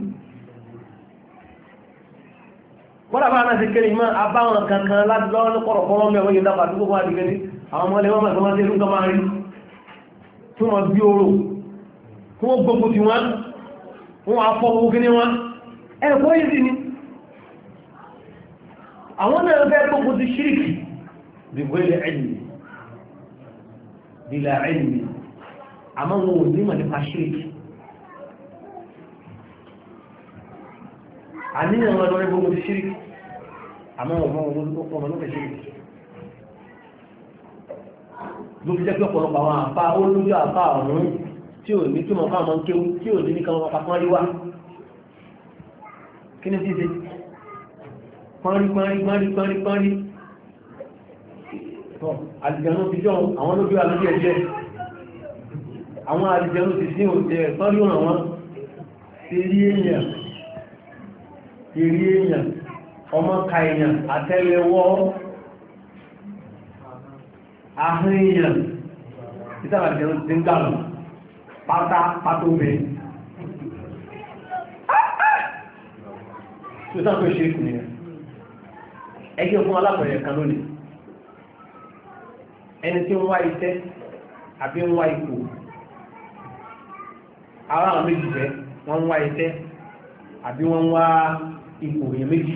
wọ́n lábára náà ti kéré ìmọ̀ abáwọn kankan láti lọ́wọ́ ní kọ̀rọ̀kọ́rọ̀ mẹ́wọ́ yìí dábà dúgbò máa dìgbẹ́ ní àwọn ọmọ ẹlẹ́wọ́n máa sọmọ́sí ẹlú gọmọ rí tí wọ́n bí oró tí wọ́n gbogbo tí wọ́n wọ́n afọ́ owó kí ní wọ́n ẹ̀kọ́ yìí ni àwọn náà fẹ́ gbogbo ti ṣíríkì dìbò ilẹ̀ ẹ̀yìn ìlà ẹ̀yìn àmọ́ wọn ò ní mọ̀ nípa ṣíríkì àníyàn wọn lọ́rẹ́ gbogbo ti ṣíríkì àmọ́ ọmọ ọmọ ló fẹ́ ṣe ló fi jẹ́ pé ọ̀pọ̀lọpọ̀ àwọn àpá olójú àpá ọ̀run tí ò ní túmọ̀ fáwọn kéwú tí ò ní nìkan ọ̀pá pọ́n rí wá kí ni ṣíṣe pọ́nrí pọ́nrí pọ́nrí pọ́nrí pọ́nrí àlìjẹ̀nú ti jọ àwọn olójú alójú ẹ̀jẹ̀ àwọn àlìjẹ̀nú ti sí òṣè pọ́nrí ọ̀ràn wọn ti rí èèyàn ti rí èèyàn ọmọ ka èèyàn àtẹ́lẹwọ́ ahọ́n èèyàn títàbà jẹun ti ń gàlù pátá pátóbe tí ó sáfẹ́ ṣe ìkùnlẹ̀ ẹgbẹ́ fún alápẹ̀rẹ̀ kan lónìí ẹni tí ń wá iṣẹ́ àbí ń wá ipò ara àwọn méjì jẹ́ wọ́n ń wá iṣẹ́ àbí wọ́n ń wá ipò èèyàn méjì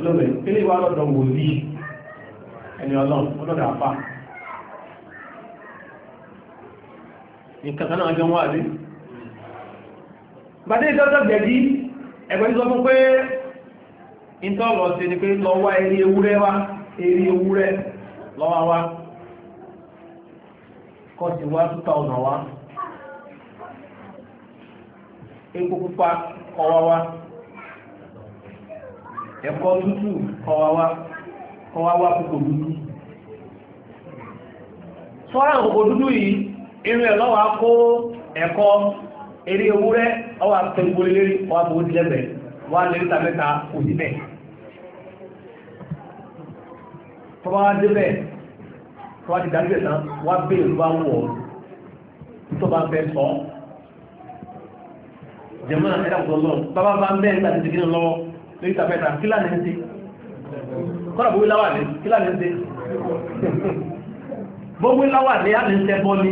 olóògbé kí lè wá lọ́dọ̀ ọzọ ẹni ọlọ́run ọlọ́dọ̀ àpá nǹkan kan náà jọ gbàdé ìjọ́jọ́ gbẹ̀dí ẹgbẹ́ sọ fún pé sí ni pé lọ wá eré ewúrẹ́ wá eré ewúrẹ́ lọ́wọ́ wá wá epo pupa wá ẹ̀kọ́ tútù kọwàwà púpọ̀ dúdú sọ́rọ̀ púpọ̀ dúdú yìí irú ẹ̀ lọ́wà kó ẹ̀kọ́ eré ewúrẹ́ ọwà tẹ́gbólélérí ọwà tó ti wà lè ríta òdíbẹ̀ tọ́wà débẹ̀ bá ń ti gínà lọ́wọ́ lórí ìtàfẹ́ náà kí láàrin ń ṣe kọ́nà gbogbo láwà ní kí láàrin ń ṣe gbogbo láwà ní á ní ń tẹ́bọ́ ní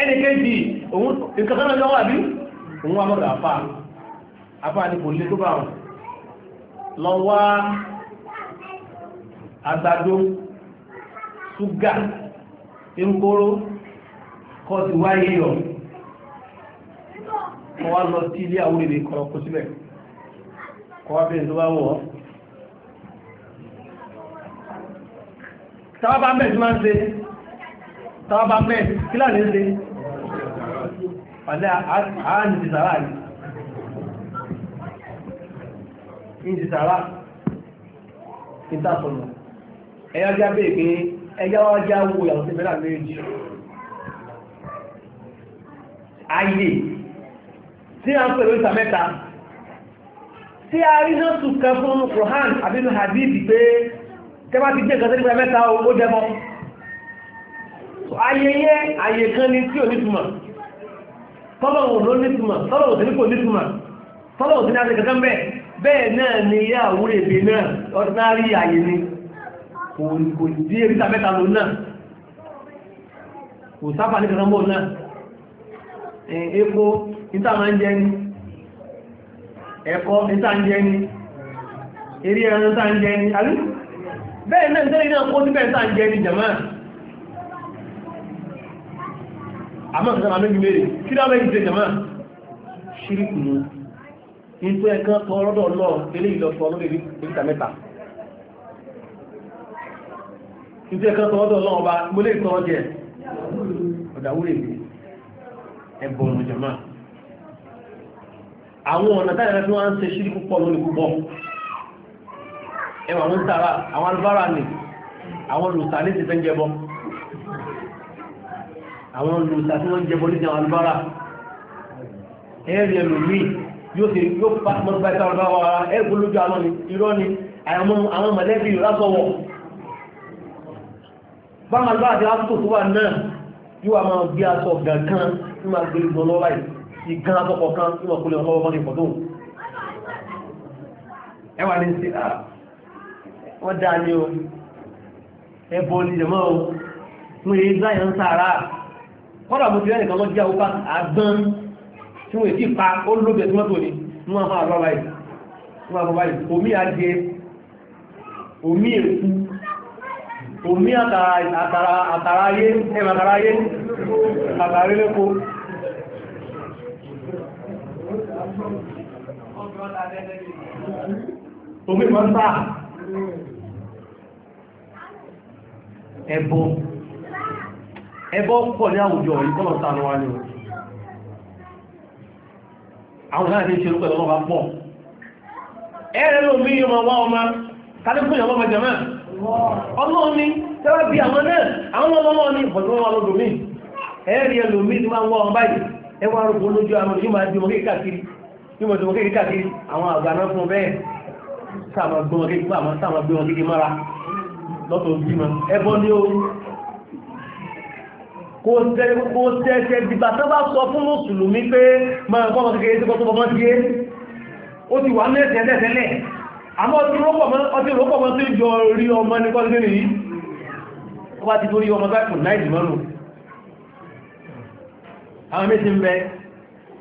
ẹni kéjì òun ìkàkánà lọ́wà bí òun amọ́dọ̀ àfà àfà ní kò lé tó bá wọn lọ wá àgbàdo ṣúgà ìrúkóró kọ́ ti wáyé kọ wá lọ sí ilé àwọn èrè kọ̀rọ̀ kó sílẹ̀ kọ wá bẹ̀rẹ̀ tó bá wọ̀ tàbá mẹ́ tí máa ń ṣe tàbá mẹ́ kí láà ní ṣe pàdé àárín ti sàrá ní ìjì sàrá ìtàsọ̀nà ẹ̀yà jábẹ̀ pé wo yàtọ̀ sí mẹ́rà méjì ayé tí a ń pè lóríta mẹ́ta tí a rí náà tún kan fún Quran àbínú hadithi pé tẹ́bá ti jẹ́ ìkàtẹ́ nípa mẹ́ta ó jẹmọ́ ayẹyẹ ayẹ kan ni tí ò ní túmọ̀ tọ́lọ̀wò ló ní túmọ̀ tọ́lọ̀wò tí kò ní túmọ̀ tọ́lọ̀wò tí ní àti kankan bẹ́ẹ̀ bẹ́ẹ̀ náà ni yá àwúrò èbè náà ordinary ayẹ ni kò dí eríta mẹ́ta lò náà kò sáfà ní kankan bọ̀ náà epo ìta máa ń jẹ ní ẹ̀kọ́ ìta ń jẹ ní eré ẹran ìta ń jẹ ní àrí bẹ́ẹ̀ náà tẹ́lẹ̀ náà kó síbẹ̀ ìta ń jẹ ní jẹ̀mọ́ àmọ́ ìsẹ́sàmà méjì kí ló méjì jẹ jẹ̀mọ́ ṣíríkù ní nítorí ẹ̀kan tọrọdọ̀ lọ ilé ìlọ́tọ̀ àwọn ọ̀nà táyẹ̀rẹ́ tí wọ́n ń ṣe ṣírí púpọ̀ lónìí púpọ̀ ẹwà ló ń tààrà àwọn alùbárà nì àwọn olùsà ní ti fẹ́ ń jẹbọ àwọn olùsà tí wọ́n ń jẹbọ ní ti àwọn alùbárà ẹ̀rì ẹlòmíì yóò ṣe yóò pa mọ́tòbá ìta ọ̀rọ̀ wa ẹ̀gbọ́n lójú àlọ́ ni irọ́ ni àwọn wà náà ìgan àtọ́kọ̀ kan tí wọ́n kó lè ọlọ́wọ́ mọ́ni pọ̀tó ẹwà ní sí à wọ́n dá ní o ẹbọ ní ìjọmọ́ o mú èyí láyé ń sára kọ́dà mo ti rẹ́ nìkan lọ jẹ́ ọkọ̀ àgbọn tí wọ́n ti pa ó lóbẹ̀ tí wọ́n tó ní wọ́n máa bá báyìí wọ́n máa bá báyìí omi àjẹ omi èkú omi àtàrà ayé ẹ̀mà àtàrà ayé àtàrà ilé Omi mọ́ ẹbọ. Ẹbọ pọ̀ ní àwùjọ ìkọ́lọ̀ sánú wa ni. Àwọn náà ní pẹ̀lú ọmọ pọ̀. Ẹ̀rẹ́ ló mí ọmọ wá ọmọ, kálẹ́kùn ìyàwó Ọlọ́ọ̀ni, àwọn náà, àwọn ọlọ́ọ̀ni, bí mo ti wọ́n kéèké kàkiri àwọn àgbà náà fún bẹ́ẹ̀ sáàmà gbé wọn kéèké àmọ́ sáàmà gbé wọn kéèké mára lọ́tọ̀ òbí mọ́ ẹbọ ní o kò tẹ́ẹ̀tẹ́ dìgbà tó bá sọ fún mùsùlùmí pé máa kọ́ ọmọ kékeré tó kọ́ tó bọ́ sí é ó ti wà ní ẹ̀sẹ̀ tẹ́tẹ́lẹ̀ àmọ́ ọtí rọ́pọ̀ mọ́ sí jọ rí ọmọ ní kọ́lé nìyí ó bá ti tó rí ọmọ báyìí kò náà ìdìmọ́nù àwọn méjì ń bẹ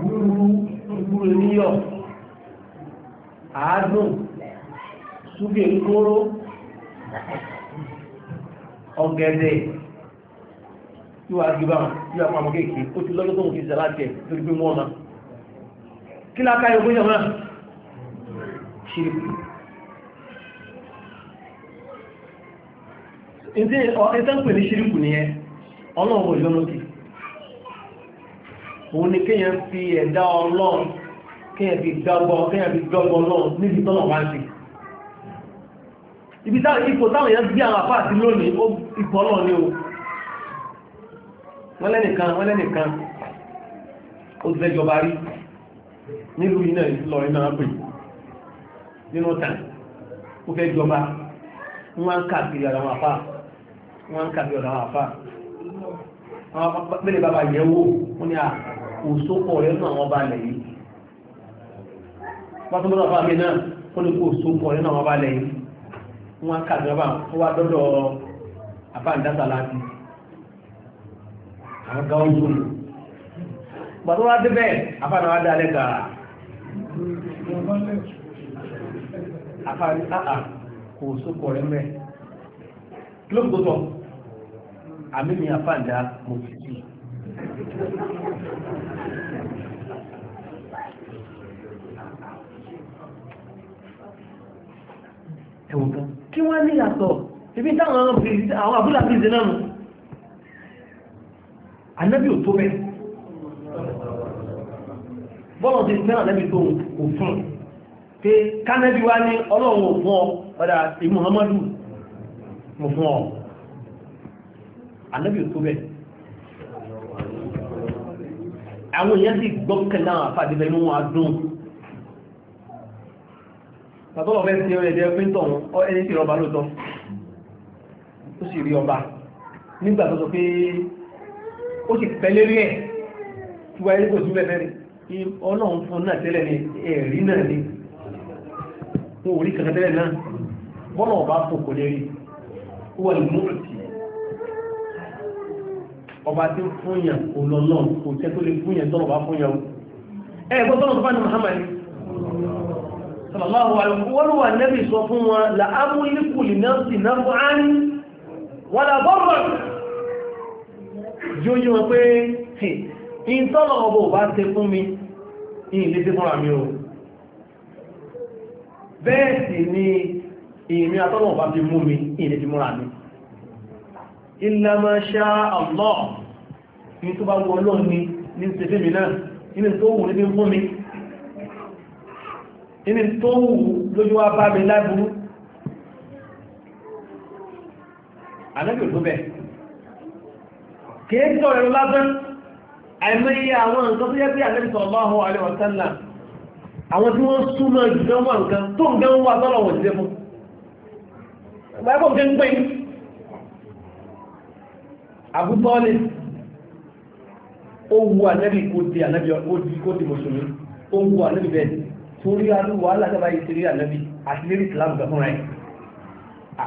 gbúrú gbúrú níyọ̀ àádùn súgè kóró ọ̀gẹ̀dẹ̀ tí wàá gbé báwọn tí wàá pàmò kéèké ó ti lọ́jọ́ tó ń fi sàlá jẹ lórí pé wọ́n ma kí láká yóò fún yàmá ṣe ìdí ìtẹ́ǹpẹ̀ ní ṣíríkù nìyẹn ọlọ́run ò lọ́nà kìí òun ni kéèyàn fi ẹ̀dá ọlọ́run kéèyàn fi gbọ́gbọ́ kéèyàn fi gbọ́gbọ́ ọlọ́run níbi tọ́lọ̀ wá sí ibi ipò táwọn èèyàn gbé àwọn àfáàsí lónìí ó ipò ọlọ́run ni o wọ́n lẹ́nìkan wọ́n lẹ́nìkan ó ti lẹ́jọba rí nílùú iná ìlọ iná pè nínú tàn ó fẹ́ jọba wọ́n ń kàkiri ọ̀dà wọn àfáà wọ́n ń kàkiri ọ̀dà wọn àfáà bẹ́ẹ̀ bàbá yẹ̀ wò ó ní àfáà kò rẹ̀ àwọn ọba alẹ̀ yìí wọ́n mi náà ó ní kò sókò rẹ̀ nù àwọn ọba alẹ̀ wọ́n kà jọba ó wá dọ́dọ̀ àbáǹdásà láti àwọn gáwó jùlọ wá débẹ̀ gàrà kò rẹ̀ mẹ́ ẹ̀wọ̀n kan kí wọ́n ní yàtọ̀ ibi táwọn àwọn àbúlà fi zina nù ànábì ò tó bẹ́ẹ̀ bọ́lọ̀ ti fẹ́ràn ànábì tó kò fún pé kánábì wá ní ọlọ́run ò fún ọ ọ̀dà Muhammadu mo fún ọ ànábì ò tó bẹ́ẹ̀ àwọn èèyàn sì gbọ́kànlá àfàdébẹ̀ inú wọn adùn tàtọ́lọ̀ fẹ́ sí ọ̀rẹ́ jẹ́ píntọ̀ ẹni tí rọba lóòtọ́ ó sì rí ọba nígbà tó sọ pé ó sì pẹ́lẹ́ rí ẹ̀ tí wáyé kò sí bẹ́ẹ̀ ọlọ́run fún náà tẹ́lẹ̀ ní ẹ̀rí náà ni wọn ò rí kankan tẹ́lẹ̀ náà bọ́lọ̀ ọba fún kò lè rí wọ́n ni mú ti ọba tí fún yàn kò lọ náà kò tẹ́ tó lè fún yàn tọ́lọ̀ bá fún yàn tọ́lọ̀ tó bá ní Muhammad sọ̀rọ̀láwọ̀ wọ́lúwà nẹ́bì sọ fún wọn láàmúlìkù lìnàfì náà án wọ́n lábọ́rọ̀ jí ó yí wọn pé in tọ́lọ̀ ọbọ̀ bá tẹ fún mi in lè tẹ fúnra mi o bẹ́ẹ̀ sì ni ìrìn àtọ́lọ̀ bá fi mú mi in lè fi múra mi illa ma sha Allah tó bá wọ́n lọ́ ní ní nínú tó wù lójú wá bá mi lábúrú àlẹ́bí òtó bẹ̀ kìí sọ̀rọ̀ ẹ̀rọ lásán àìmọye àwọn nǹkan tó yẹ pé àlẹ́bí sallallahu alaihi wasallam àwọn tí wọ́n súnmọ́ ìjùlọ wà nǹkan tó ń gán wà sọ́lọ̀ wọ̀n jẹ́ fún ẹgbẹ́gbọ́n gẹ́gbẹ́ àbútọ́lẹ̀ ó wu àlẹ́bí kó di mùsùlùmí ó wu àlẹ́bí bẹ́ẹ̀ torí adú wàhálà tó bá yìí torí ànábì àti lérí ìsìlámù gbà fúnra ẹ̀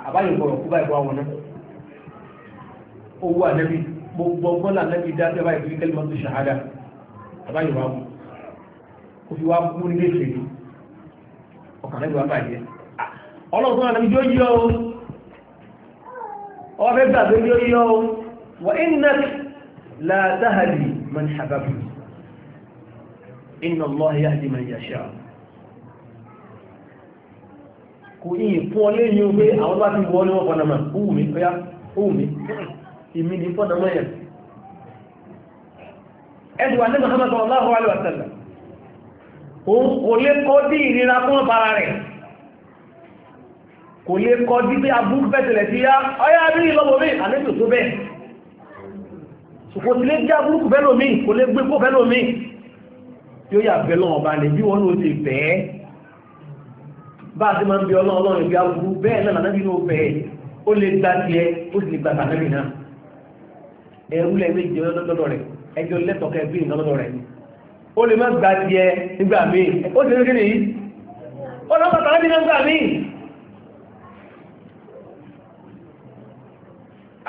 àbáyọ̀ gbọ̀rọ̀ kú báyìí fún àwọn náà owó ànábì gbogbo ọgbọ́n ànábì dá tó bá yìí torí kẹ́lí mọ́tò ṣàhádà àbáyọ̀ wà mú kò fi wá kú nílé ìṣèlú ọkàn ànábì wà bàjẹ́ ọlọ́run ànábì yóò yọ ọ ọbẹ̀ gbàgbé yóò yọ ọ wà innaka la tahdi man ahbabta inna kò yìí fún ọ léyìn pé àwọn bá ti wọ ní wọn fọnàmà òwú mi ọyá òwú mi ìmì ní fọnàmà yẹn ẹ̀dùn wà ní Muhammad sallallahu alaihi wa sallam òun kò lè kọ́ dí ìnira fún ọ̀bára rẹ̀ kò lè kọ́ dí pé abúkú fẹ́tẹ̀lẹ̀ sí yá ọyá bí ìlọ́wọ́ mi àlejò tó bẹ́ẹ̀ bá a ti máa ń bí ọlọ́run ọlọ́run ìgbé aburú bẹ́ẹ̀ náà nàbí ní ọbẹ̀ ó lè gba tiẹ̀ ó sì lè gba tàbí náà ẹ̀rú lẹ́ méjì lọ́dọ̀ rẹ̀ ẹjọ́ lẹ́tọ̀ọ́kẹ́ bí nǹkan lọ́dọ̀ rẹ̀ ó lè má gba tiẹ̀ nígbà míì ó ti ní kí nìyí ó bàtà lábí nígbà míì.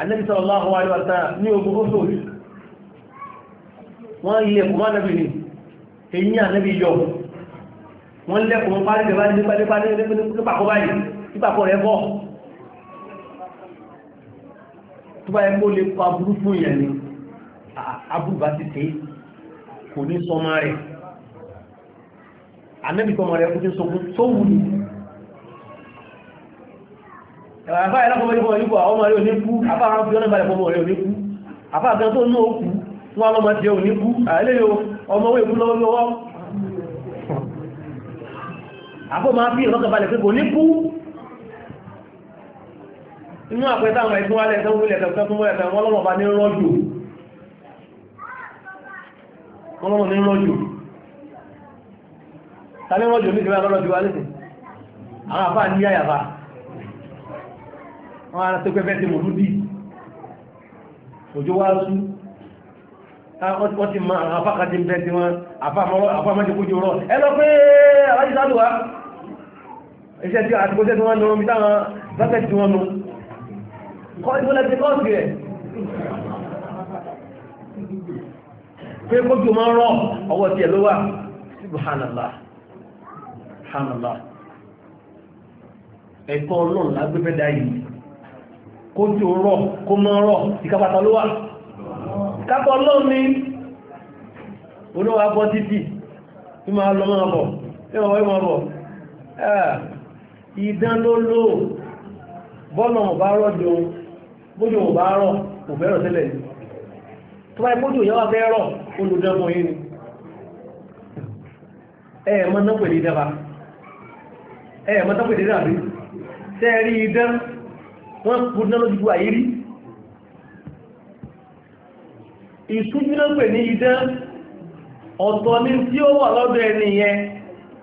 Ànábì sallallahu alaihi wa sallam ní ogun ó sòrí wọ́n yẹ kùmọ́ wọ́n lẹ́kùn parí rẹ̀ bá ní pálípálí nípàkọ́ báyìí nípàkọ́ rẹ̀ bọ́ tó bá ẹgbó lè pa burú fún ìyẹn ni abúrúbá ti tẹ́ kò ní sọmọ rẹ̀ anẹ́bìkọmọ rẹ̀ kú tí sọkún tó wù ní ẹ̀wà àfáà ẹlọ́kọ̀ọ́ ìbọn ìbọn àwọn ọmọ rẹ̀ ò ní kú àfáà àwọn fi ọ́nà balẹ̀ fọmọ rẹ̀ ò ní kú àfáà gan tó ní òkú wọn lọ́mọ tiẹ̀ ò ní kú àlẹ́ ọmọ owó ìkú lọ́wọ́ àbó máa fi ìrọ́kà balẹ̀ pé kò ní kú inú àpẹta àwọn ẹ̀sùn wálẹ̀ tó wúlẹ̀ tẹ̀kọ́ tó wúlẹ̀ tẹ̀kọ́ ọlọ́mọba ní rọ́jù ọlọ́mọ ní rọ́jù ta ní rọ́jù ní ìgbà lọ́rọ̀jù wá lẹ́sìn àwọn àfáà ní àyàfà wọ́n ara tó pẹ́fẹ́ ti mọ̀lú dì òjò wá ma àwọn afákàtí ń bẹ́ ti wọn àfáà mọ́jẹ́kójú rọ̀ ẹ lọ pé iṣẹ́ tí àtìkóṣẹ́ tí wọ́n lọ omi táwọn bákẹ́tì tí wọ́n lọ kọ́ ìgbọ́lẹ̀ ti kọ́ọ̀sì rẹ̀ pé kójú máa rọ̀ ọwọ́ tí ẹ̀ ló wà subhanallah subhanallah ẹ̀kọ́ ọlọ́run lágbẹ́fẹ́ dá yìí kójú rọ̀ kó máa rọ̀ ìkápátá ló wà kápọ̀ ọlọ́run ni olówó abọ́ títì tí máa lọ máa bọ̀ tí wọ́n ìdán ló lò bọ́nà ọ̀bá rọ̀ jòun bójú ọ̀bá rọ̀ kò fẹ́rọ̀ tẹ́lẹ̀ ní tó bá ipójú ìyáwà fẹ́rọ̀ olùdẹ́mọ̀ yìí ni ẹ̀ẹ̀mọ́ náà pẹ̀lú ìdẹ́bà ẹ̀ẹ̀mọ́ náà pẹ̀lú ìdẹ́bà rí tẹ́ẹ̀rí ìdán wọ́n kúrú náà lójú ayé rí ìtújú náà pẹ̀lú ìdán ọ̀tọ̀ ní tí ó wà lọ́dọ̀ ẹni yẹn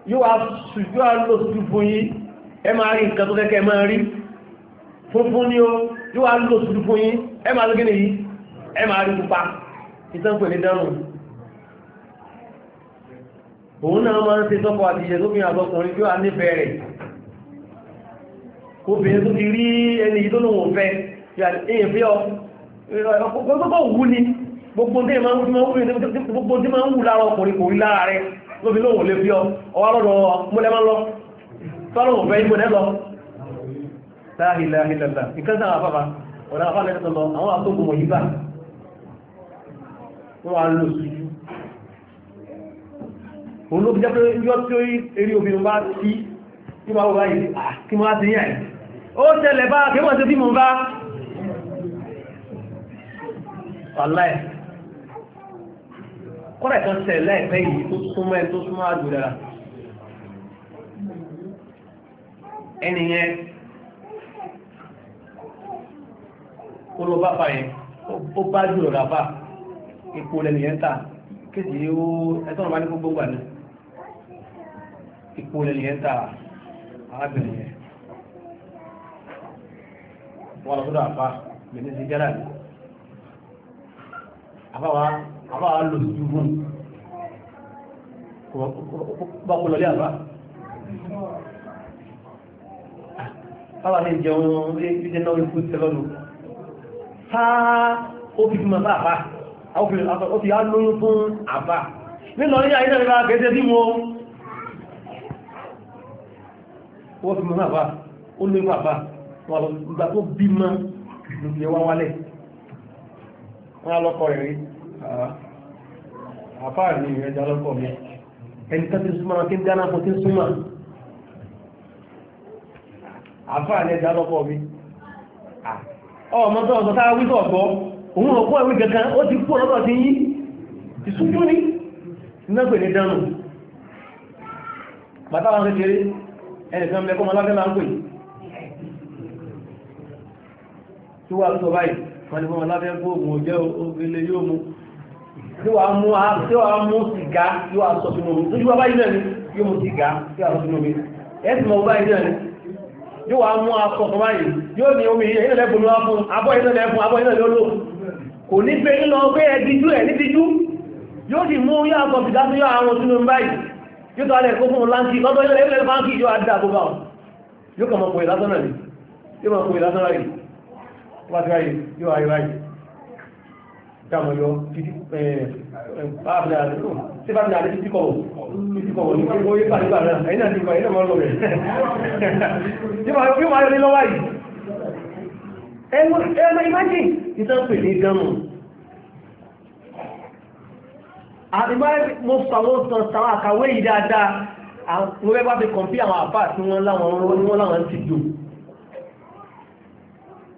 yóò wá ṣùgbọ́n lọ yìí ẹ máa rí nǹkan tó kẹ́kẹ́ máa rí funfun ní o yóò wá lò sùdú fún yín ẹ máa lókè nìyí ẹ máa rí pupa ìtànkù ní dánù òun náà máa ń ṣe tọ́kọ àti ìṣẹ́ tó fi hàn lọ́kùnrin tí ó wà nífẹ̀ẹ́ rẹ̀ obìnrin tó ti rí ẹni yìí tó lóun fẹ́ èèyàn fẹ́ ọ gbogbo wù ni gbogbo tí máa ń wù lára ọkùnrin kò rí lára rẹ̀ lóbi lóun lè fi ọ ọwọ́ lọ́dọ̀ mọ́lẹ́mọ́ tọ́lọ̀ òfẹ́ ìbò nẹ́lọ láàrínláàrínlá nǹkan sáà àpapà ọ̀nà àpá lẹ́tọ̀ lọ àwọn àtòkò mọ̀ yíbà wọ́n wá lò síjú òun ló fi jẹ́ pé yọ́ tí ó kọ́rẹ̀ kan tẹ̀lẹ̀ ẹ̀fẹ́ yìí tó súnmọ́ ẹ tó súnmọ́ àjò dára ẹni yẹn ó lọ bàbá yẹn ó bá jùlọ ràbà ipò lẹ́nu yẹn ta kéjì ó ẹ̀tọ́ ọ̀rọ̀ bá ní gbogbo wà ní ipò lẹ́nu yẹn ta arábìnrin yẹn wọ́n lọ sọ́dọ̀ àfá bẹ̀rẹ̀ sí jẹ́rà ní àfáwà lò sí fún bọ́kùlọ́lé àfá káwà ní jẹun ìjẹ́ náà ikú tẹ́lọ́nù táà ó fi fún àbá àbá ó fi lóyún fún àbá nílọ ní àyíká ìrẹ́lá gẹ́gẹ́ bí mo wọ́n fi mọ́ àbá ó lóyún àbá wọ́n lọ tó bí mọ́ lùfẹ́ wá wálẹ̀ wọ́n lọ́kọ̀ rẹ̀ rí àbá ní ìrẹ́jà lọ́kọ̀ mi ẹni tó ti súnmọ́ kí ń dáná fún ti súnmọ́ àfáàlẹ̀ ẹ̀dá lọ́pọ̀ mi ọmọ tó ọ̀sọ̀ sára wí sọ̀gbọ́ òun ọ̀pọ̀ ẹ̀wí kankan ó ti kú ọ̀lọ́dọ̀ ti yí ti súnjú ní nígbàgbé ní dánù bàtà wọn kékeré ẹnì kan mẹ́kọ́ ọmọ ni ọmọ aláfẹ́ fóògùn òjẹ́ òfìlẹ yóò mú tí wàá mú tí wàá mú sìgá yóò sọ sínú omi tó yí wàá báyìí náà ni yóò mú sìgá yóò sọ sínú omi ẹ̀ mọ̀ báyìí náà ni yóò wá mú akọ kan báyìí yóò ní omi ìrìnlẹ́bùn lọ́fún abọ́ ìrìnlẹ́bùn abọ́ ìrìnlẹ́lọ́lọ́ kò ní pé ń lọ pé ẹdíjú ẹ̀ ní díjú yóò sì mú yá akọ fìdá sí yóò àwọn sínú báyìí yóò tó alẹ́ fún láńkì lọ́dọ̀ ilẹ̀ báńkì yóò adá gbogbo àwọn yóò kàn mọ̀ pọ̀ ìlásánà rí yóò mọ̀ pọ̀ ìlásánà rí wá sí báyìí yóò ayé báyìí dámọ̀ yọ títí ẹ̀ẹ́ tí bá ti àti títí kọ̀wọ̀ títí kọ̀wọ̀ ní gbogbo yípa nígbà náà ẹ̀yìn náà ti kọ̀ náà mọ́ lọ́rẹ̀ yóò máa yọ yìí ẹ̀mọ ìmájì ìtànpè ní gánmù àtìmọ́ mo fàwọn sàn sàwọn bá fi àwọn àbá tí wọ́n láwọn wọ́n láwọn ti dùn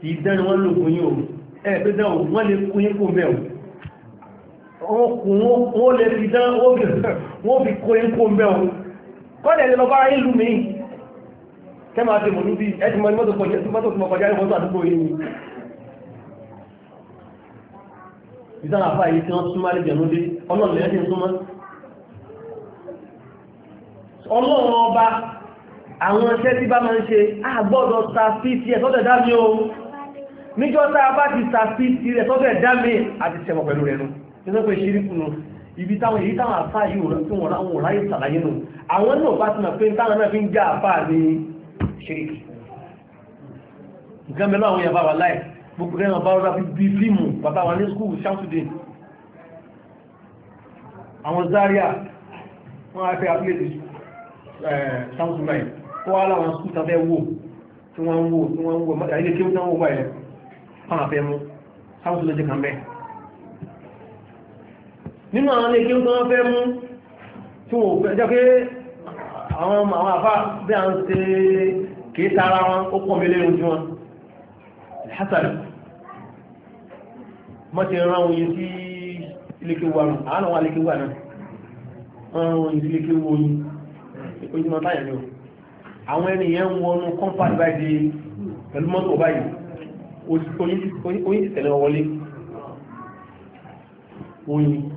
ìdánilọ́lọ́gbọ̀nyìn ẹ̀ pé dáwọ̀ wọ́n lè kúnyín kó mẹ́wọ̀ ọkùn ó lè fi dán wọ́n fi kó ẹkó mẹ́ ohun kọ́lẹ̀ lè lọ́bára ìlú mi kẹ́mà tí mo ní bí ẹ̀tì mọ́ ní mọ́tò kọjá ní mọ́tò àdúgbò yìí ìdára àfáà yìí tí wọ́n súnmọ́ lè jẹ̀nú dé ọlọ́run lẹ́yìn tí súnmọ́ ọlọ́run ọba àwọn iṣẹ́ tí bá máa ń ṣe àgbọ́dọ̀ sàfíìsì ẹ̀ sọ́dọ̀ dá mi o níjọ́ tá a bá ti sàfíìsì rẹ̀ sọ́dọ̀ dá mi àti ṣẹ̀mọ̀ pẹ̀lú rẹ̀ nù tẹ́lẹ̀ pé ṣíríkù nù ibi táwọn èyí táwọn àfá yìí tí wọ́n láwọn òláyé sàlàyé nù àwọn náà bá ti mọ̀ pé táwọn náà fi ń já àfá ní ṣíríkù nǹkan mẹ́lọ àwọn yàbá wà láì gbogbo kẹ́rin bá rọ́dá fi bí fíìmù bàbá wa ní skúù sáfùdín àwọn Zaria wọ́n á fẹ́ àpílẹ̀tì sáfùdín báyìí kó wá láwọn skúù tàbẹ́ wò tí wọ́n ń wò tí wọ́n ń wò ayé kí wọ́n ń wò báyìí nínú àwọn ilé kí ó tán fẹ́ mú tí wọ́n fẹ́ jẹ́ pé àwọn àfá bí a ń ṣe kìí tara wọn ó pọ̀ mi lẹ́yìn ojú wọn hassan mọ́ ti rán oyin sí ilékewà nù àánà wọn ilékewà náà rán oyin sí ilékewà oyin ojúmọ́ táyà ni o àwọn ènìyàn ń wọnú kọ́mpáàdì báyìí pẹ̀lú mọ́tò báyìí oyin ti tẹ̀lé wọlé oyin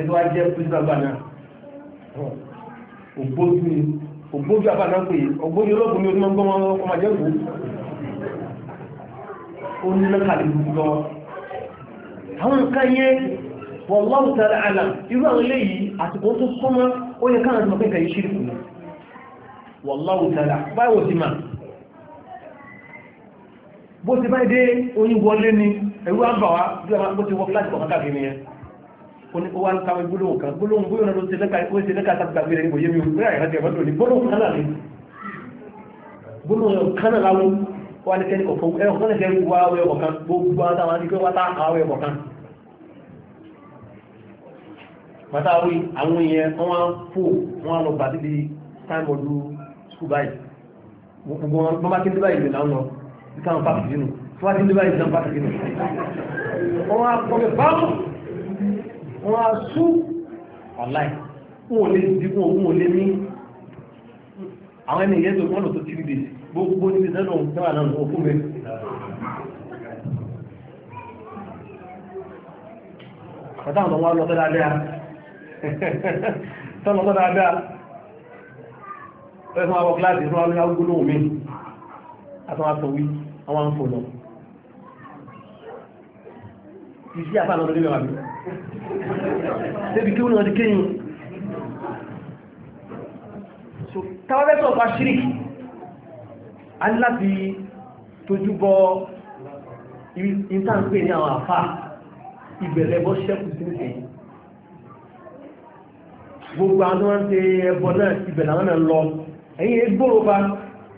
ẹ̀tọ́ ajẹ́ pírísà bá náà ògbójú àbá náà pé ògbójú olóògùn ní onímọ̀ gbọ́mọ́ ọmọ ajẹ́ òkú ó ní lọ́kàlì lọ àwọn nǹkan yẹn wọ́n lọ́wọ́ tẹ̀lé àlà irú àwọn eléyìí àsìkò tó súnmọ́ ó yẹ káwọn àtìmọ̀ kẹ́kẹ́ yìí ṣírìkù wọ́n oní ó wá ń kàwé gbólóhùn kan gbólóhùn bóyá ló ṣe lẹ́ka ó ṣe lẹ́ka tàbí gbàgbé rẹ̀ kò yé mi ò gbé àyàrá tẹ̀ mọ́tò ní gbólóhùn kan náà ni gbólóhùn kan náà láwọn wà ní kẹ́ni ọ̀fọ̀ ẹ̀rọ kan lẹ́kẹ́ wá awẹ́ ọ̀kan gbogbo àtàwọn àti pé wá tá àwẹ́ ọ̀kan. bàtà wí àwọn èèyàn wọn á fò wọn á lọ gbà síbi táìmù ọdún skul báyìí gbogbo wọn bá kí ní báyìí lè lọ sí táwọn pàtàkì nù tí wọ́n ti ní báyìí lè lọ pàtàkì nù. wọ́n á kọ́ wọ́n á sú ọ̀láì wọn ò lè dìbò wọn ò lè ní àwọn ẹni ìyẹ́sọ fún ọ̀nà tó kiri dè gbogbo níbi sẹ́nu ọ̀hún tẹ́wà náà ó fún mi. ọ̀tá àwọn ọmọ ọlọ́tọ́ dáadáa tọ́lọ́tọ́ dáadáa ẹ fún àwọn kíláàsì fún àwọn agbóhùn mi àtàwọn àtọ̀wí àwọn àǹfọ̀nà iṣẹ́ àfáànà lórí ẹ̀wà mi débi kí wọ́n ti kéyìn so tàbátẹ́sọ̀ ọ̀pá ṣírí a ní láti tójú bọ ìtànpé ní àwọn àfá ìbẹ̀rẹ̀ bọ́ ṣẹ́kù sí nìkẹ́ gbogbo àwọn tó wọ́n ń tẹ ẹbọ náà ìbẹ̀rẹ̀ àwọn náà lọ ẹ̀yìn egbòrò bá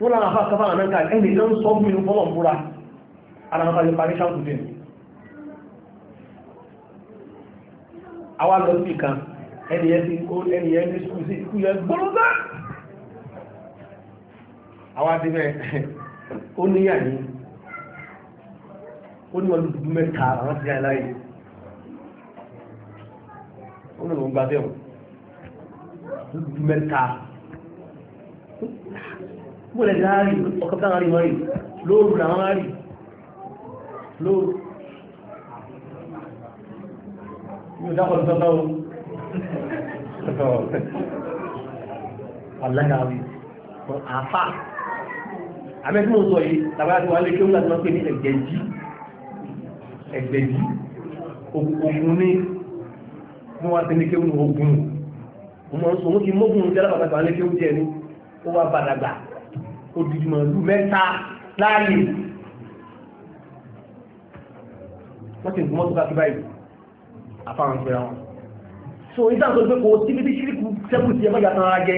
wọ́n láwọn àfá kọfà àwọn náà kàrí ẹni lọ́n sọ́gbìn fọ́lọ̀ fúra ara wọn kàrí parí sáàkùnrin àwa lọ sí kan ẹniyẹ ti kó ẹniyẹ ní sùkúù sí ikú yẹ gbọ́lọ́dá àwa ti bẹ ó níyà ní ó ní ọdún dúdú mẹ́ta àwọn ti yà láyé ó ní òun gba bẹ́ẹ̀ dúdú mẹ́ta yóò dákọ̀ lọ́tọ́ náà aláìláwí àfà àmẹ́sí mo sọ yìí tàbáyà tí wọ́n lè kéwọ́n láti máa pè ní ẹ̀gbẹ̀jì ẹ̀gbẹ̀jì ogun ní wọ́n wá sí ní kéwọ́n ogun mo máa ń sọ wọ́n ti mọ́gun jẹ́ lábàtà kan lè kéwọ́n jẹ́ ní ó wá bàdàgbà ó dìdì mọ̀ lù mẹ́ta láàyè wọ́n ti mọ́tò káàkiri báyìí àfáwọn ìpẹ́ra wọn so ìdá tó gbé kò tí bí ṣíríkù sẹ́kù sí ẹgbẹ́ ìyàtọ̀ ara jẹ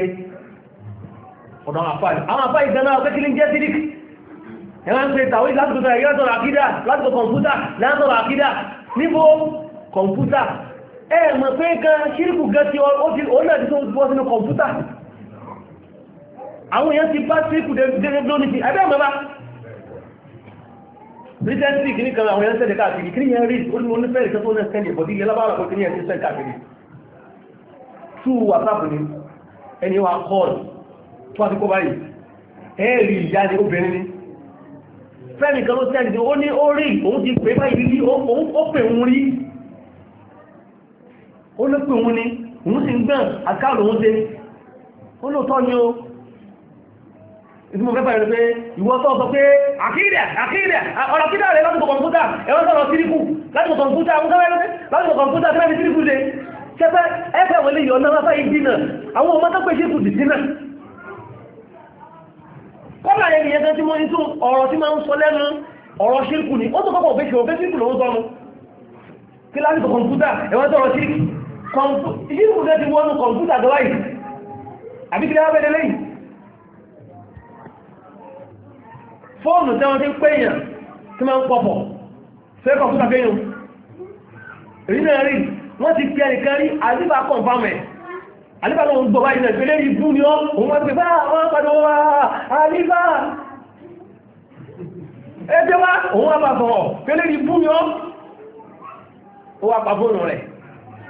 ọ̀dọ̀ àfáàlì àwọn àfáàlì gan náà pẹ́kí ní jẹ́ síríkù ẹ̀rọ ń pè tàwí láti tó tẹ̀lé látọ̀rọ̀ àkídà látọ̀rọ̀ kọ̀ǹpútà látọ̀rọ̀ àkídà níbo kọ̀ǹpútà ẹ mọ̀ pé gan ṣíríkù gan ti ó náà ti tó bọ́ sínú kọ̀ǹpútà àwọn èèyàn ti bá ṣíríkù dé lónìí ẹgbẹ́ mọ́ recently kìíní kan àwọn ẹ̀rẹ́sẹ̀ káàkiri kìíní yẹn rí onífẹ́ ìṣẹ́ tó nẹ́sẹ̀ lè bọ̀dí lẹ́lábàrà kò kìíní ẹ̀sẹ̀ káàkiri tú whatsapp ni ẹni wa call tó àti kó báyìí ẹ̀rì ìyá ni obìnrin ni fẹ́mi kan ló sẹ́ni ó ní ó rí òun ti pè báyìí rí ó pè òun rí ó ló pè òun ni òun sì ń gbọ́n àkáàlù òun ṣe ó lóòótọ́ ni ó ìtumọ̀ fẹ́ bàrẹ̀ pé ìwọ tó sọ pé àkídà àkídà ọ̀rọ̀ kídà rẹ̀ láti kọ̀kọ̀mpútà ẹwọ́n sọ̀rọ̀ síríkù láti kọ̀kọ̀mpútà láti kọ̀kọ̀mpútà tí wọ́n fi síríkù lè ṣẹ́fẹ́ ẹgbẹ́ wọlé yọ náà fáyé dínà àwọn ọmọ tó pèsè kù dìdínà kọ́lá yẹn ni ẹgbẹ́ tí mo ń tún ọ̀rọ̀ tí máa ń sọ lẹ́nu ọ̀rọ̀ síríkù ni ó tó kọ́kọ́ òfé ṣòfé síríkù lòún sọnu kí láti kọ̀kọ̀mpútà ẹwọ́n sọ̀rọ̀ síríkù síríkù lẹ́ ti wọ́nu kọ̀mpútà tó láyìí àbí kí lẹ́ fóònù tí wọ́n ti ń pèèyàn tí wọ́n ń pọ̀pọ̀ fẹ́kọ̀ fún àfihàn èyí náà rí wọ́n ti fi ẹnìkan rí àlíbà kọ̀ǹfàmẹ̀ àlíbà náà ń gbọ́ báyìí náà ìpínlẹ̀ ìbú ni ó òun wọ́n ti bá wọ́n padà wá àlíbà ẹgbẹ́ wá òun wọ́n bá fọ̀ọ̀ ìpínlẹ̀ ìbú ni ó ó wá pa fóònù rẹ̀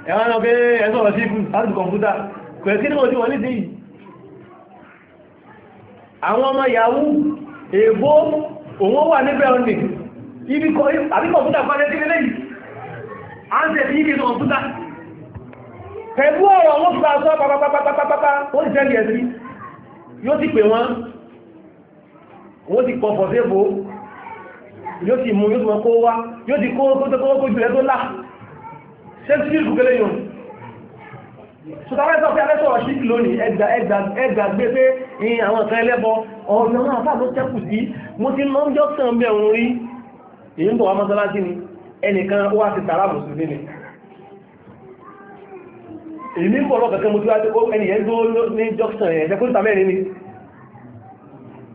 ẹ̀wọ́n náà pé ẹ̀sọ́ ọ̀rọ̀ sí ikú láti kọ̀ǹpútà kò sí ní mo ti wọ́n ní sí àwọn ọmọ yahoo èbó òun wà níbẹ̀ ọ̀nì ibi kọ àbí kọ̀pútà pàdé sí lélẹ́ yìí a pẹ̀lú ọ̀rọ̀ wọ́n ti bá sọ ó ti tẹ́lẹ̀ sí yóò ti pè wọ́n wọ́n ti pọ̀ pọ̀sẹ́bò sọtàwẹ́sọ̀ pé alẹ́sọ̀rọ̀ sí lónìí ẹgbà gbé pé ìyìn àwọn ọ̀sán ẹlẹ́bọ ọ̀nà wọn àfáà ló tẹ́kù sí mo ti lọ ń jọ́ sàn bẹ̀ òun rí èyí ń bọ̀ wá mọ́sálásí ni ẹnìkan wá ti tààrà mùsùlùmí ni èyí ń bọ̀ lọ́kàn kan mo ti wá tó ẹni yẹn tó ní jọ́sàn yẹn ẹ̀kú tàbí ẹni ni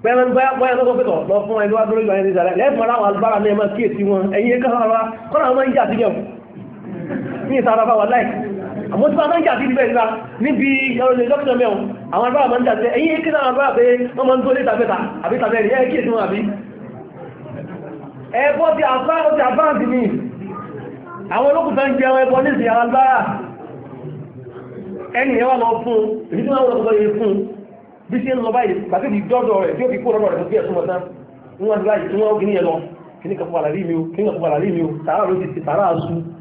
pẹ́ẹ́n báyà lọ́kọ̀ pẹ́tọ̀ lọ fún ẹni wá dúró ìgbà ẹni ìsàlẹ̀ lẹ́ẹ̀fọ́n ara wọn alùbára ní ẹmọ kíyèsí wọn ẹ̀yìn kan ara kọ́nà wọn ń jà síjọ ní ìsàlẹ̀ bá wà láì àmọ́ tí wọ́n máa ń jà sí ibẹ̀ nípa níbi ọ̀rọ̀ dókítà mẹ́wọ̀n àwọn agbára máa ń jà sí ẹ̀yìn kí náà agbára pé wọ́n máa ń gbólé tàbẹ́ta àbí tàbẹ́rì ẹ̀ kí èsì wọn àbí ẹ̀bọ́ ti àbá ti ti ní àwọn olókùnfà ń jẹun ẹbọ ní ìsìn agbára ẹni ẹwà lọ fún èyí tí wọ́n lọ́kọ̀ọ́ yẹ fún bí sí ń lọ báyìí bàtí ti dọ́dọ̀ rẹ̀ tí ó fi kó lọ́dọ̀ rẹ̀ fún bí ẹ̀sùn wọn tán wọ́n ti láyìí tí wọ́n ó kí ní ẹ̀ lọ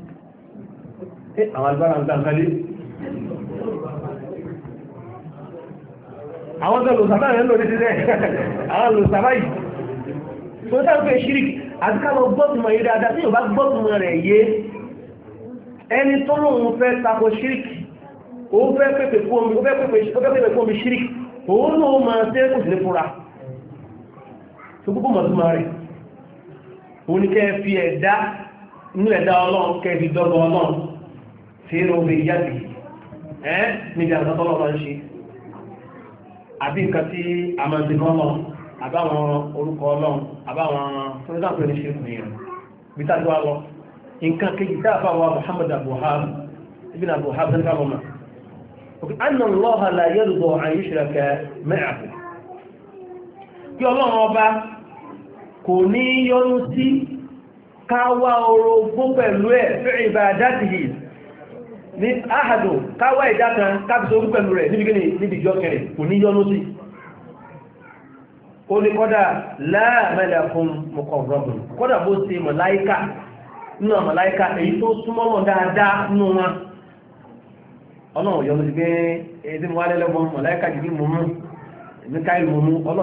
àwọn agbára ń dáńkálé àwọn tó lò sàbá rẹ̀ lórí sílẹ̀ àwọn lò sàbá yìí tó sáà fẹ́ ṣírí àti ká lọ gbọ́tùmọ̀ yìí dáadáa tí yóò bá gbọ́tùmọ̀ rẹ̀ yé ẹni tó lóun fẹ́ tako ṣírí òun fẹ́ pèpè fún omi ṣírí òun ló máa tẹ́ kò sí ní fúra tó gbogbo mọ̀túnmọ̀ rẹ̀ òun ni kẹ́ fi ẹ̀dá nílẹ̀ dá ọlọ́run kẹ́ fi dọ́gba ọlọ́run fèrò obè yabi ẹ́ níbi àwọn ń ṣe àbí nǹkan tí a máa ń ti mọ́mọ́ àbáwọn orúkọ ọlọ́run àbáwọn fúnlẹ́sàpẹ́ ní ṣéfù yẹn bí tá a ti wá lọ nǹkan kejì tá a fà wá Muhammad abuhab ibi na abuhab ní ká mọ́mọ́ òkè anna Allaha la an kí ọlọ́run ọba kò ní yọnu sí ká wá pẹ̀lú ẹ̀ fẹ́ ní áhàdù káwà ìdá kan káàkiri pẹ̀lú rẹ̀ níbi gíní níbi ìjọ kẹrin kò ní yọnú sí ó ní kọ́dà láàmẹ́lẹ̀ mọ̀kànrọ̀bùn kọ́dà bó mọ̀láíkà nínú èyí tó súnmọ́ wọn nínú wọn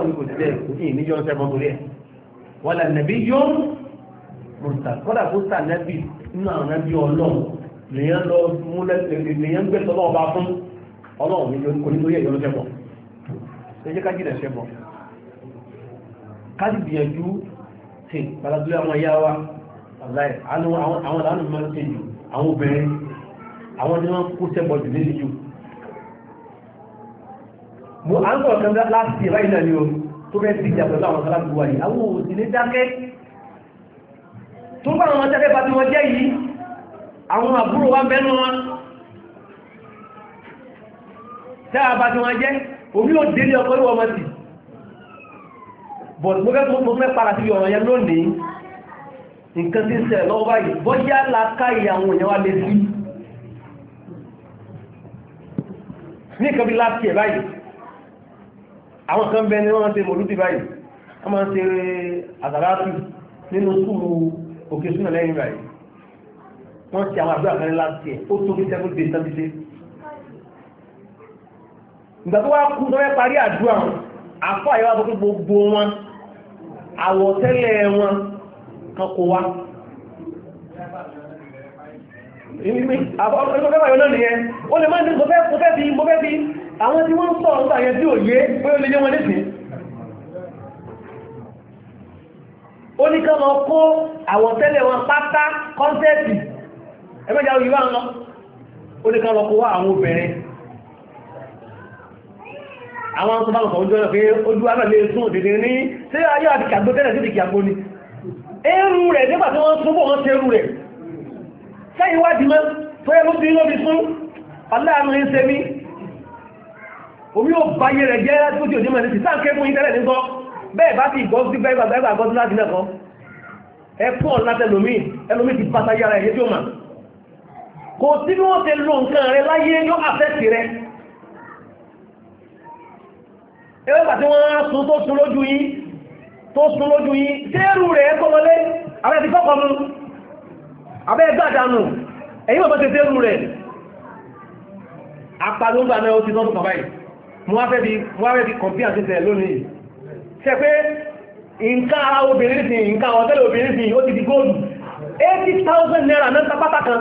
ọlọ́run yọmọ lèyàn lọ múlẹ̀ lèyàn gbé sọ́lọ́ ọba fún ọlọ́run ní kò ní lórí ẹ̀yọ́ lọ́sẹ̀bọ̀ ṣe jẹ́ kájí lẹ̀ṣẹ̀ bọ̀ kájí gbìyànjú tè balabúlé àwọn ẹ̀yà wa láì àwọn ìlànà máa ń ṣe jù àwọn obìnrin àwọn ni wọ́n kó sẹ́bọ̀ jù ní jù mo à ń sọ̀rọ̀ kan láti ìráyì náà ni o tó fẹ́ ti ìjà pẹ̀lú àwọn sálábùwà yìí àwọn òsì ní dákẹ́ tó bá àwọn ọjọ́ àwọn àbúrò wa bẹ́nu wọn tẹ́wàá bá ti wọn jẹ́ omi ò délé ọkọ̀ ìwọ̀ ọmọ sí bọ̀dù gbogbo mo fẹ́ para sí ọ̀rọ̀ yẹn lónìí nǹkan tí ń ṣẹlẹ̀ lọ́wọ́ báyìí bọ́já làákà ìyàwó èèyàn wa lè sí ní nǹkan bí láti ẹ̀ báyìí àwọn kan bẹ ní wọ́n ti mọ̀lúdì báyìí wọ́n máa ń ṣe àzàrátù nínú sùúrù òkè súnà lẹ́yìn báyìí wọ́n ti àwọn àdúrà kan láti ẹ̀ ó tó bí seven days tán ti ṣe. ìgbà tó wá kú lọ́wọ́ parí àdúrà wọn àfọ àyẹ̀wò àbọ̀kú gbogbo wọn àwọ̀tẹ́lẹ̀ wọn kan kó wá. ìgbàgbọ́ ayọ̀ náà nìyẹn ó lè má ní mo fẹ́ fi mo fẹ́ fi àwọn tí wọ́n ń sọ̀rọ̀ nígbà yẹn tí ò yé pé ó lè yé wọn létí. ó ní ká lọ kó àwọ̀tẹ́lẹ̀ wọn pátá kọ́ńtẹ́ẹ̀tì ẹgbẹ́jà òyìnbá ń lọ ó ní ká lọ kó wá àwọn obìnrin àwọn tó bá lọ́kọ̀ ojú ọ̀nà pé ojú ara lè tún òdìdì ní tí ayé àti kàgbó tẹ́lẹ̀ sí ìkìyàgbó ni ẹrù rẹ̀ nígbà tí wọ́n túnbọ̀ wọ́n tẹ́rù rẹ̀ sẹ́yìn wádìí mọ́ tó yẹ lóbi lóbi fún aláàánú ń ṣe mí omi ò báyé rẹ̀ jẹ́ tójú òjò mẹ́rin sí sáǹkẹ́ fún ìtẹ́lẹ̀ nígbọ́ bẹ́ẹ̀ bá ti gbọ́ sí bẹ́ẹ̀ bá gbọ́ sí láti nẹ́kọ́ ẹ pọ̀ látẹlòmí ẹlòmí ti bá sáyára ẹ̀yẹ́ tí ó mà kò sí bí wọ́n ti lo nǹkan rẹ láyé yóò àfẹ́sì rẹ ẹgbẹ́gbà tí wọ́n sun tó sun lójú yí tó sun lójú yí tẹ́rù rẹ̀ ẹkọ́ wọlé abẹ́ ti fọ́kọ̀ mú abẹ́ gbàdánù ẹ̀yìn bàbá ti tẹ́rù rẹ̀ apalóńgbà náà ó ti tọ́tù bàbá yìí mo wá fẹ́ fi kọ̀mpí àti tẹ̀ lónìí ṣe pé nǹkan ara obìnrin sí nǹkan ọ̀tẹ́lẹ̀ obìnrin sí ó ti di góòlù 80,000 naira náà tapátá kan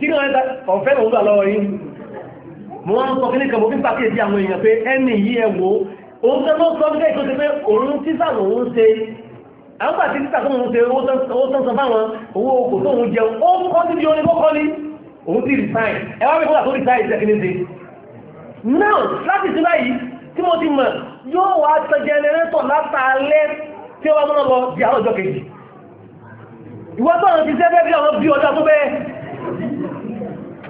kí ní ọ̀rẹ́ta ọ̀fẹ́ lòun gbà lọ́wọ́ yìí mo wá sọ kíní kan mo fi pàkíyèsí àwọn èèyàn pé ẹni yìí ẹ wò ó tẹ́ lọ́sọ́ ń bẹ́ẹ̀ ti pé òun títà lòun ṣe àwọn gbà títà tó ń ṣe owó tó ń fáwọn owó okò tó ń jẹun ó kọ́ síbi orin kó kọ́ ní òun ti resign ẹ wá wípé tó resign ṣe kíní ṣe now láti sí báyìí tí mo ti mọ̀ yóò wá sọ jẹnẹrétọ̀ látàlẹ́ tí ó wá mọ́ lọ di àárọ̀ ọjọ́ kejì ìwọ́n ti ṣẹ́ bí ọjọ́ tó bẹ́ẹ̀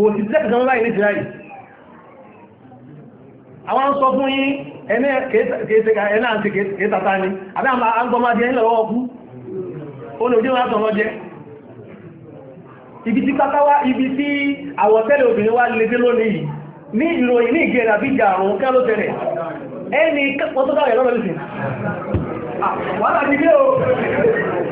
kò sí tẹ́kì sọ láì ní tìráì àwọn ń sọ fún yí ẹni àti kèétàtà àbí àwọn agbọmọdé ń lọ́wọ́ ọkú ó ibi tí pátáwá ibi tí àwọ̀tẹ́lẹ̀ obìnrin wá lè dé lónìí ní ìròyìn ní ìgbẹ̀rẹ̀ àbí ìjà àrùn kẹ́ ẹni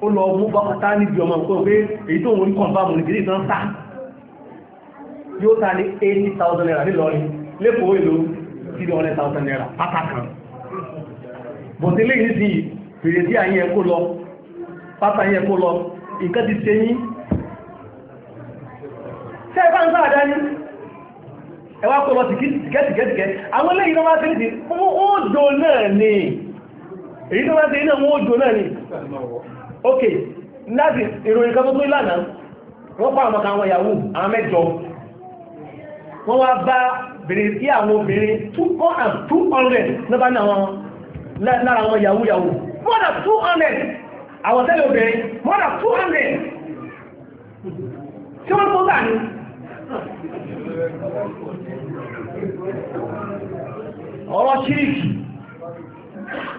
ó lọ mú bọ́kátá níbi ọmọ nǹkan pé èyí tó ń rí kọ̀ǹbá mú nìgbìrì tán sá yóò ta ní eighty thousand naira nílọrin lẹ́kọ̀ọ́ èlò three hundred thousand naira pátákan bọ̀tí lẹ́yìn sí fèrè tí àyín ẹkó lọ pátá yín ẹkó lọ nǹkan ti ṣe yín ṣe ẹ̀fà ń sáàdá ní ẹwà kó lọ tìkẹ́tìkẹ́tìkẹ́ àwọn lẹ́yìn náà wá sí ní ti ó jò náà ni èyí tó wá sí náà wọ́n ó jò náà ni ok láti ìròyìn kan tó ìlànà wọ́n pa àwọn àwọn ìyàwó àwọn mẹ́jọ wọ́n wá bá bèrè sí àwọn obìnrin 200 nípa lára àwọn ìyàwó ìyàwó more 200 àwọn tẹ́lẹ̀ obìnrin more 200 tí wọ́n tó gbà ní ọ̀rọ̀ ṣíríkì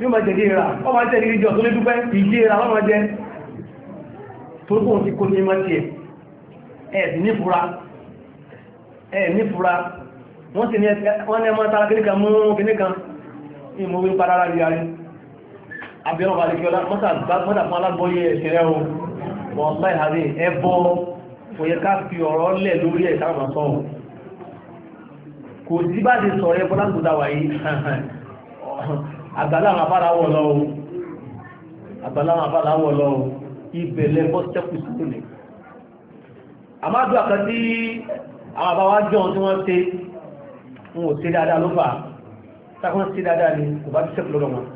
yóò máa jẹ̀dí ìrà wọ́n máa jẹ́ ìrìnjọ tó lé dúpẹ́ ìdí ìrà wọ́n máa jẹ́ tó kó ti kó ní mọ́ tí ẹ̀ ẹ̀ nífura ẹ̀ nífura wọ́n sì ní ẹmọ́ tara kìníkan mú kìníkan ìmòwé parara rí arí abẹ́rún wà lẹ́kẹ́ ọlá mọ́tà fún alágbọ́yé ẹ̀ṣẹ̀rẹ́ o wọ́n bá ìhàrí ẹbọ kò yẹ ká fi ọ̀rọ̀ lẹ̀ lórí ẹ̀ táwọn sọ kò sí bá ti sọ̀rọ̀ ẹbọ lágbòdà wáyé àgbàláwọn abárawọ̀ lọ́wọ́ àgbàláwọn abárawọ̀ lọ́wọ́ ibẹ̀lẹ̀ bọ́sẹ̀kù sínú ni àmájú àkàtí àwọn àbáwá jọ tí wọ́n ṣe ń wò sí dáadáa ló fà tákùn sí dáadáa ni kò bá bíṣẹ́kù lọ́rọ̀ wọn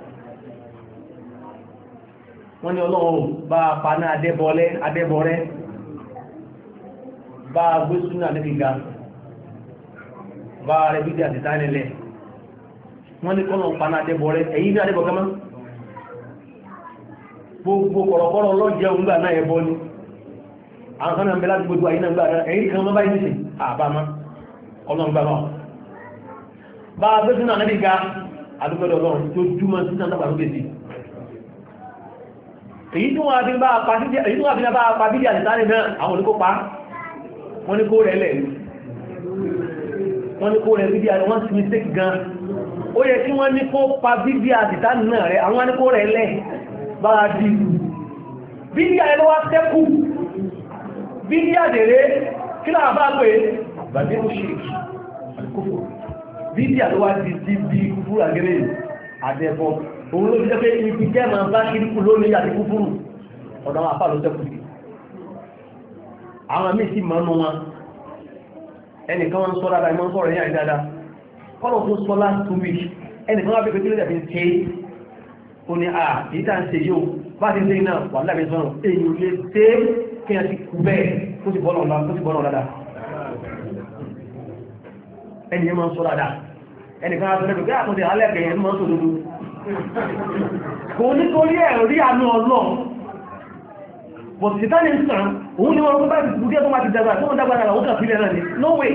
wọ́n ní ọlọ́run bá paná adẹ́bọ̀rẹ́ bá gbé súnà níbi ga bá rẹ̀ bídí àti tánilẹ̀ wọ́n ní kọ́nà paná àdẹ́bọ̀ rẹ̀ ní àdẹ́bọ̀ kẹ́mọ́ gbogbo kọ̀rọ̀kọ́rọ̀ lọ́jẹ́ náà ni àwọn kan gbogbo àyínà gbà náà ẹ̀yìn kan mọ́ báyìí a ga àdúgbẹ́dọ̀ ọlọ́run tó júmọ́ sí náà nàbà lókè sí èyí tó wà bí wọ́n ní kó rẹ̀ lẹ̀ wọ́n kó rẹ̀ bídí mistake gan ó yẹ kí wọ́n ní kó pa bíbí àdìtá náà rẹ̀ àwọn aníkó rẹ̀ lẹ̀ bá a di bíbí àyẹ̀ ló wá sẹ́kù bíbí àdèrè kí náà bá pè bàbí ó ṣe àdìkófò bíbí àló wá di ti bí kúfúrú àgẹ́rẹ́ àdẹ́bọ òun ló fi jẹ́ pé ibi jẹ́ máa bá ṣíríkù lónìí àti kúfúrú ọ̀dọ̀ àwọn àpá ló sẹ́kù sí àwọn míì sì mọ́nú wọn ẹnìkan wọn sọ dáadáa ìmọ̀ ń sọ̀rọ̀ yẹn àìdáadáa kọ́lọ̀ tó sọ láti two weeks ẹnìkan wá pẹ́pẹ́ tí ló dàbí ṣe ó ní àà èyí tà ń ṣe yóò bá ti ṣe náà wà lábẹ́ sọ́rọ̀ èyí ò lè ṣe kí a ti kú bẹ́ẹ̀ tó ti bọ́lọ̀ dada ẹni yẹn máa ń sọ dada ẹnìkan wá pẹ́pẹ́ pé àtúndì alẹ́ kẹ̀yẹ máa ń sọ dodo kò nítorí no way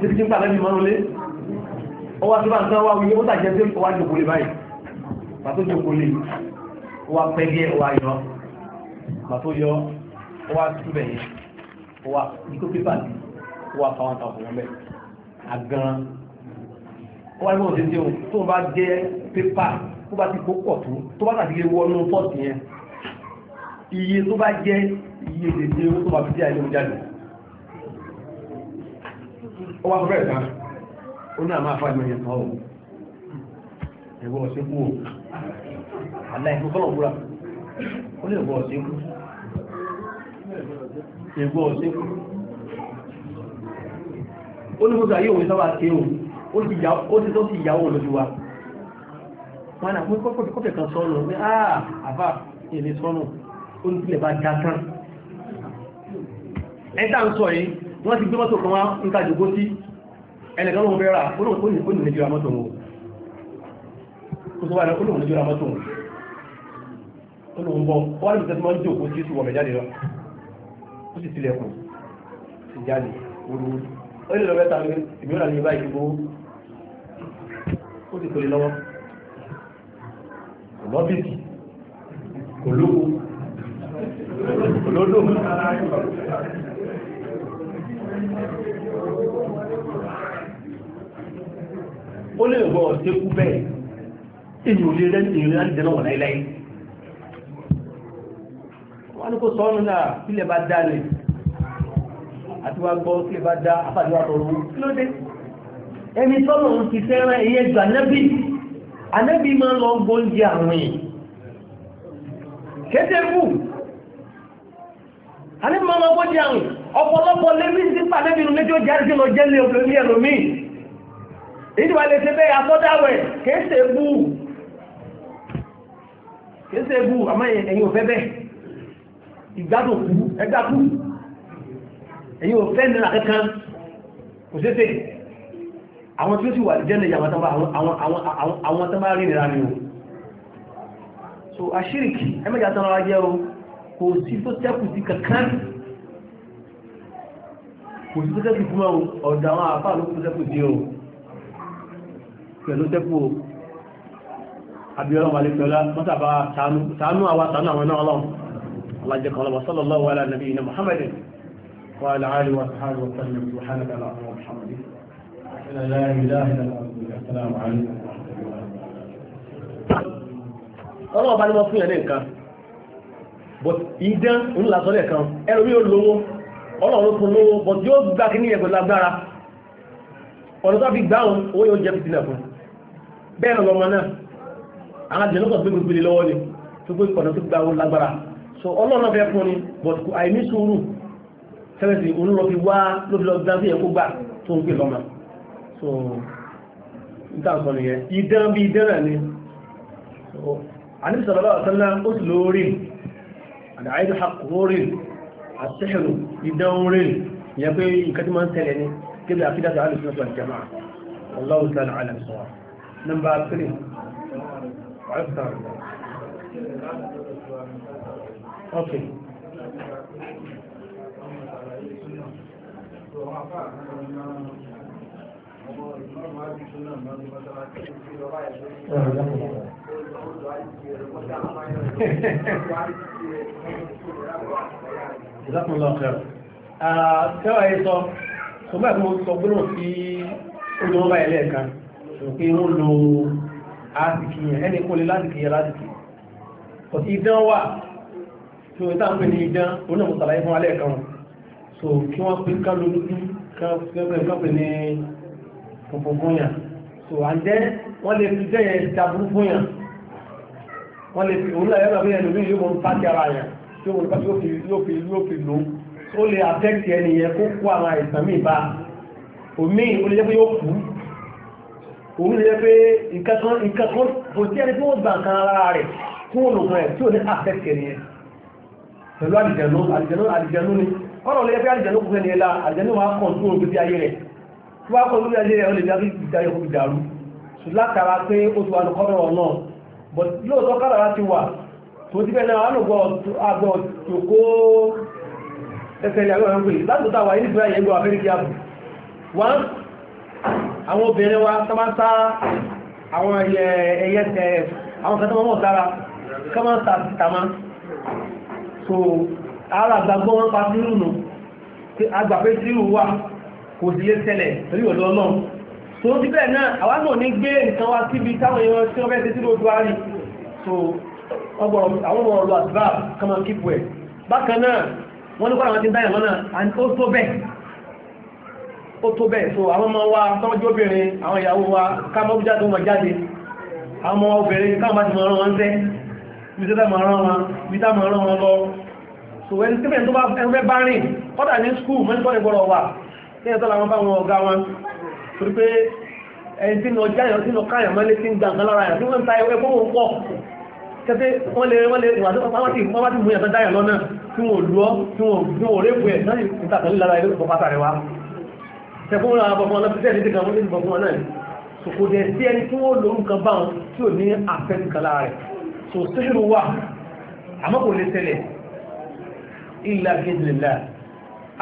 títí kí n pàdé mi mọ́nulé ó wá tó bá ń tán wá wíyé ó tàjẹ́ sí wá jòkó lè báyìí pàtó jòkó lè ó wá pẹ́ díẹ̀ ó wá yọ pàtó yọ ó wá túbẹ̀ yẹn ó wá ikú pépà sí ó wá fáwọn tàwọn fòwọ́n bẹ́ẹ̀ àgán ó wá níwọ̀n títí ohun tó bá jẹ́ pépà tó bá ti kó pọ̀ tó tó bá tàbí lè wọnú pọ́ọ̀tì yẹn iye tó bá jẹ́ iye dèdè owó tó bá fi dé àìlè ó wá fẹ́ ẹ̀ta ó ní àmá àfáà ìmọ̀yẹ̀ kan ọ̀hún ẹ̀wọ́ ọ̀sẹ́kú o aláìkú fọ́lọ̀ wúra ó lè wọ́ ọ̀sẹ́kú ẹ̀wọ́ ọ̀sẹ́kú ó ní gbogbo ayé òun sábà ké o ó ti tó ti ìyàwó olójú wa wọn ah, ń sọ yìí wọ́n ti gbé mọ́tò kan wá ń ta jòkó sí ẹnìkan lóun fẹ́ rà olóòrùn nìjọra mọ́tò wọn kò sọ wà ní olóòrùn nìjọra mọ́tò wọn olóòrùn bọ́ wọ́n ní ìtẹ́sí mọ́ ń jòkó sí ìṣùwọ̀n mẹ́jáde lọ ó sì tilẹ̀kùn sí jáde olóòrùn ó lè lọ bẹ́ta ìmíràn ní báyìí gbogbo ó ó lè rọ ọ̀tẹ́kú bẹ́ẹ̀ èyí ò lè rẹ́ni ìrìn láti dẹ́nà wọ̀ láíláí wọ́n ní kó sọ ọ́nà náà ilẹ̀ bá dá lè àti wá gbọ́ sí ìbá dá àpàdé wà tọrọ kí ló dé ẹni tọ́lọ̀ ń ti fẹ́ràn ìyẹn ju ànábì ànábì máa ń lọ gbóúnjẹ àwìn kéde kù ànábì máa ń lọ gbóúnjẹ àwìn ọ̀pọ̀lọpọ̀ lẹ́bí sí pàdébìnrin méjì ó jẹ́ àrísí lọ jẹ́ lé ọ̀pẹ̀lú ẹ̀rọ míì ìdíwà lè ṣe bẹ́ẹ̀ asọ́dáwẹ̀ kéèsè bú kéèsè bú àmọ́ ẹ̀yin ò fẹ́ bẹ́ẹ̀ ìgbádùn kú ẹgbà kú ẹ̀yin ò fẹ́ nira kankan kò ṣe ṣe àwọn tí ó sì wà jẹ́ lẹ́yìn àwọn tán rí nira ni o so àṣíríkì ẹmẹ́jà tán rárá jẹ́ o kò sí tó tẹ́kù sí kankan kò sí tó tẹ́kù sí ọ̀dọ̀ àwọn àfáà ló kú tẹ́kù sí o pẹ̀lú tẹ́kù o abiyọ́lọ́ wà lè pẹ̀lá mọ́tàbá tánú àwà tánú àwọn náà lọ́wọ́ alájẹ́kan lọ́wọ́ sallallahu ala nabiyyina muhammadin wa ala alihi wa sahbihi wa sallam subhanaka allahumma wa bihamdika la ilaha illa anta assalamu alaykum wa rahmatullahi wa barakatuh ọlọ́wọ́ bá ní wọ́n fún yẹn ní nǹkan but ìdán ńlásọ́lẹ̀ kan ẹlòmí ò bẹ́ẹ̀ lọ́mọ náà àwọn àjẹ́ lọ́kọ̀ gbé gbogbo lọ́wọ́ ni tó gbé ọ̀nà tó gba lágbára so ọlọ́run fẹ́ fún ni but àìní sùúrù sẹ́wẹ̀sì òun lọ fi wá ló fi lọ gbá sí ẹ̀kọ́ gbà tó ń gbé lọ́mọ so n tà sọ nìyẹn idán bí idán náà ni àníbi sọ̀rọ̀ lọ́wọ́ sọ́nà ó sì lórí àdáyé hakùnrin àtẹ́hẹ̀rù idán orin ìyẹn pé nǹkan tí máa ń tẹ̀lé ni kébé àkídàtà àlùfẹ́ ọ̀tọ̀ àjẹmà ọlọ́run sọ́nà àlùfẹ́ number three after okay جزاكم الله خير كما يصف ثم يكون صبروا في أدوبة إليك pé ó lo àsìkì yẹn ẹni kó lè lásìkì yẹn lásìkì kò sí idán wà tí wọ́n táwọn pè ní idán oní àwọn sàlàyé fún alẹ́ kan so kí wọ́n pè ká lójú sí kan pè ní funfun fún yàn so àjẹ́ wọ́n lè fi jẹ́ yẹn dàbúrú fún yàn wọ́n lè fi òun láyé rẹ̀ lórí yóò mọ̀ ń pàtí ara yàn tí wọ́n pàtí yóò fi ló ó lè àtẹ́kì ẹni yẹn kó kó àwọn àìsàn míì bá omi ó lè jẹ́ pé yóò kú òun lè pé nǹkan kan kò tí ẹni tí wọ́n gbà nǹkan ara rẹ̀ fún olùkan ẹ̀ tí ò ní àfẹ́kẹ̀ ni ẹ pẹ̀lú àdìjẹ̀nú àdìjẹ̀nú àdìjẹ̀nú ni ọ̀rọ̀ lè pé àdìjẹ̀nú kò fẹ́ ni ẹlá àdìjẹ̀nú wa kàn tó olùgbé ayé rẹ̀ tí wọ́n kàn lórí ayé rẹ̀ ó lè dábí ìdáyọ̀ kó fi dàrú sùn látara pé ó ti wà ní kọ́rọ̀ náà but lóòótọ́ kádàrá ti wà tó ti bẹ́ẹ̀ náà alùgbọ́ àgbọ̀ tòkó ẹsẹ̀ ìyàwó ẹ̀ ń pè látòtà wà ní ìgbà yẹn gbọ́ afẹ́ríkì àbò one àwọn obìnrin wa tó máa ń sá àwọn ẹyẹ tẹ àwọn kan tó mọ́ sára kọ́ máa ń sá sí tàmá so ara àgbàgbọ́ wọn pa sírù nù agbà pé sírù wà kò sí lé tẹ́lẹ̀ torí ọ̀dọ́ náà so ti bẹ́ẹ̀ náà àwọn náà ní gbé nǹkan wá síbi táwọn èèyàn tí wọ́n fẹ́ ṣe sírù ojú so àwọn ọmọ ọlọ àtìbá kọ́ máa kíkù ẹ̀ bákan náà wọ́n ní kọ́ àwọn ti ń dáyà lọ́nà àti ó tó ó tó bẹ́ẹ̀ so àwọn ọmọ wa tọ́jú obìnrin àwọn ìyàwó wa ká mọ́ jáde wọn jáde àwọn ọmọ obìnrin káwọn bá ti mọ̀ ọ̀rán wọn sẹ́ bíjẹ́dá mọ̀ ọ̀rán wọn bíjẹ́dá mọ̀ ọ̀rán wọn lọ so ẹni tí bẹ́ẹ̀ tó bá ẹgbẹ́ bá rìn kọ́dà ní skul mẹ́tọ́ ní gbọ́dọ̀ wà ní ẹ̀tọ́ làwọn bá wọn ọ̀gá wọn torí pé ẹni tí lọ jáyọ̀ tí lọ káyọ̀ mọ́lé tí ń gbà nǹkan lára yàn tí wọ́n ń ta ẹwẹ́ fún òun pọ̀ kẹ́tẹ́ wọ́n lè wọ́n lè wà tó wọ́n ti wọ́n bá ti mú yàn dáyà lọ́nà tí wọ́n lọ́ tí wọ́n rẹ́pù ẹ̀ náà ìtàkùn lára ẹ̀rọ pọ̀ rẹ̀ wá tẹ̀kún ra bọ̀bọ̀ ọlọ́pìsẹ́ ní dìkan ní bọ̀bọ̀ náà ni so kò dẹ̀ sí ẹni tí wọ́n lò ń kan bá wọn tí ò ní àfẹ́nkàlá rẹ̀ so síṣirò wà àmọ́ lè tẹ̀lẹ̀ ilá gẹ́gẹ́lá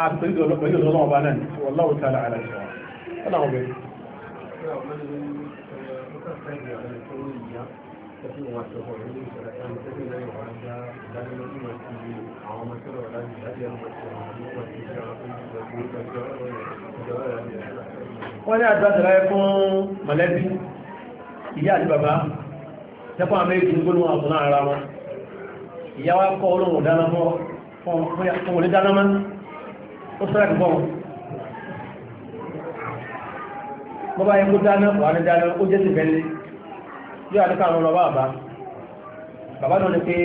àpẹẹrẹ ọlọ́pẹ̀lú ọlọ́wọ́ bá náà ni wallahu ta'ala aláṣọ ọlọ́wọ́ bẹ̀rẹ̀ Thank you. wọ́n ní àdúrásìláyé fún mọ̀lẹ́bí ìyá àti bàbá tẹ́kọ́ àmẹ́jì ń gbónú àwọn náà ara wọn ìyá wá kọ́ olóhùn dánamọ́ fún olé dánamọ́ ó sọ́rọ̀ ẹ̀kọ́ wọn bọ́bá yẹ kó dáná wà ní dáná ó jẹ́ sí bẹ́lẹ̀ yóò àdúkà àwọn ọlọ́wọ́ àbá bàbá náà ni pé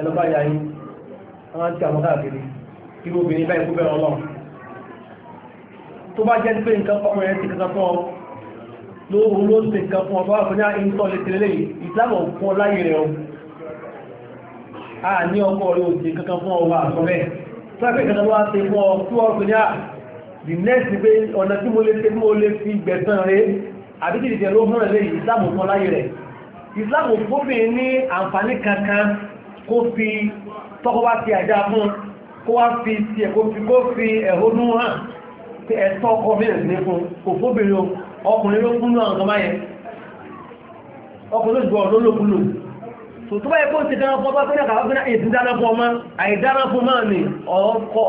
ẹlọ́bá yà yín wọ́n ti àwọn káàkiri kí gbogbo obìnrin báyìí kú ọlọ́run tó bá jẹ́ pé nǹkan fọ́mọ̀ ẹ̀ ti kankan fún ọ lóòrùn ló ti nǹkan fún ọ̀tọ́ àkọjá ìntọ́ lè tẹ̀lé ìsìlámù fún láyé rẹ̀ a ní ọkọ rẹ̀ ò ti kankan fún ọwọ́ àtọ́rẹ́ sáfẹ́ kankan wá ti fún ọ tí wọ́n fún yá the next pé ọ̀nà tí mo lè ṣe mo lè fi gbẹ̀sán rẹ̀ àbí kìí jẹ́ ló fún rẹ̀ ìsìlámù fún láyé rẹ̀ ìsìlámù fóbìn ní àǹfààní kankan kó fi tọ́kọ́ bá ti àjá fún wá fi ẹ̀hónú hàn pé ẹ̀tọ́ ọkọ bẹ̀rẹ̀ sí ní fún kò fóbìnrin ọkùnrin ló kún náà ọ̀gọ́má yẹn ọkùnrin ló gbọ́ ọ̀dọ́ lókùnlò tó tó báyẹ̀ kó ti dáná fún ọba pínlẹ̀ kàwọ́ pínlẹ̀ èsì dáná fún ọmọ àìdáná fún máa ní ọkọ̀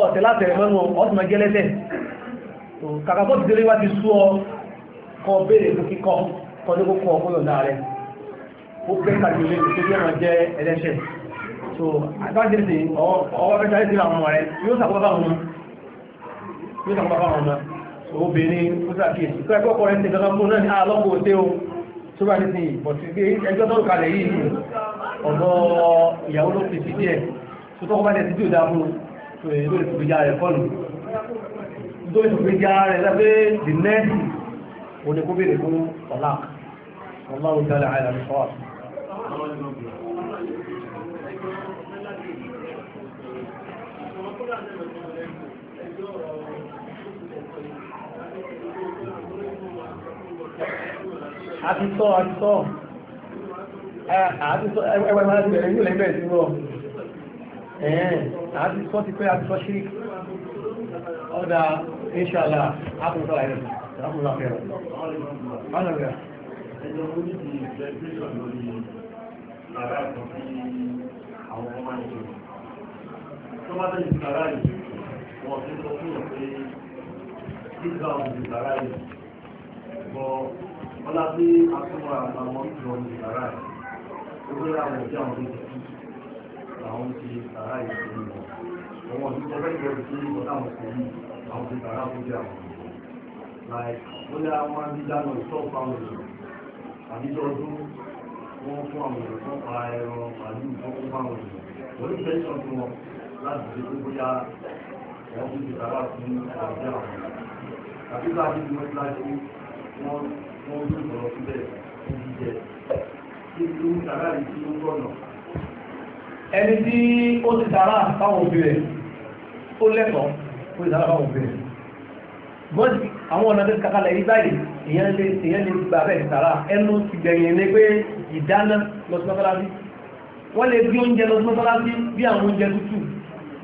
ọ̀tẹ̀ látẹ̀rẹ̀ mọ́nu ọtí máa gẹ́lẹ́sẹ̀ kàkà tó ti délé wá ti sú ní ọ̀pá fáwọn ọmọ obìnrin ó sàkíyèsí kọ́ ẹgbẹ́ ọkọ̀ rẹ̀ ti gẹ́gẹ́ mú náà ní àlọ́pọ̀ ah, òtẹ́ o tó bá ní sí ìbọ̀tí gbé ẹjọ́ tó kalẹ̀ yìí ní ọ̀dọ̀ ìyàwó ló fi sí díẹ̀ tó tọ́kọ́ dá fún tó èyí ló lè fi já rẹ̀ kọ́nù tó lè fi já rẹ̀ lábẹ́ the next òní kó béèrè fún àti sọ àti sọ àti sọ ẹwẹ́ máa ti bẹ̀rẹ̀ yóò lẹ́gbẹ̀ẹ́ sí rọ ẹ̀ẹ́n àti sọ ti pẹ́ àti sọ sí ọ̀dà inṣàlá àkùnkọ́ àìrẹ̀ àkùnkọ́ àfẹ́rẹ̀ ọ̀nàgbẹ̀ ẹjọ́ mú ní ti àwọn ọmọ máa tó bá tẹ́lẹ̀ ìgbàrá yìí wọ́n ti sọ wọ́n lá sí àtúnwà àwọn ìjọ ní sàárà yìí ó gbé àwọn ìjọ àwọn ìjọ àwọn ti sàárà yìí sí ìlú àwọn ìjọ bẹ́ẹ̀ jẹ́ sí ọ̀dà àwọn ìjọ yìí àwọn ti sàárà fún jẹ́ àwọn ìjọ láì ó lé àwọn àdídánù ìtọ́ fáwọn ìjọ àdídọ́ ọdún wọ́n fún àwọn ìjọ tó pa ẹran pàlú ìfọ́kún fáwọn ìjọ wọ́n fẹ́ sọ fún wọn láti ṣe tó bóyá wọ́n ti sàárà fún àwọn ìjọ àwọn ìjọ wọ́n ń lọ síbẹ̀ oúnjẹ tí ó ń tàrà yìí tí ó ń gbọ́nà. ẹni tí ó ti tàrà fáwọn òbí rẹ̀ ó lẹ́kọ̀ọ́ ó ti tàrà fáwọn òbí rẹ̀ bọ́ọ̀dì àwọn ọ̀nà tó kàkàlẹ̀ yìí báyìí èèyàn lè èèyàn lè gbà bẹ́ẹ̀ tàrà ẹnu ti gbẹ̀yìn ní pé ìdáná lọ sí mọ́sálásí wọ́n lè bí oúnjẹ lọ sí mọ́sálásí bí àwọn oúnjẹ tútù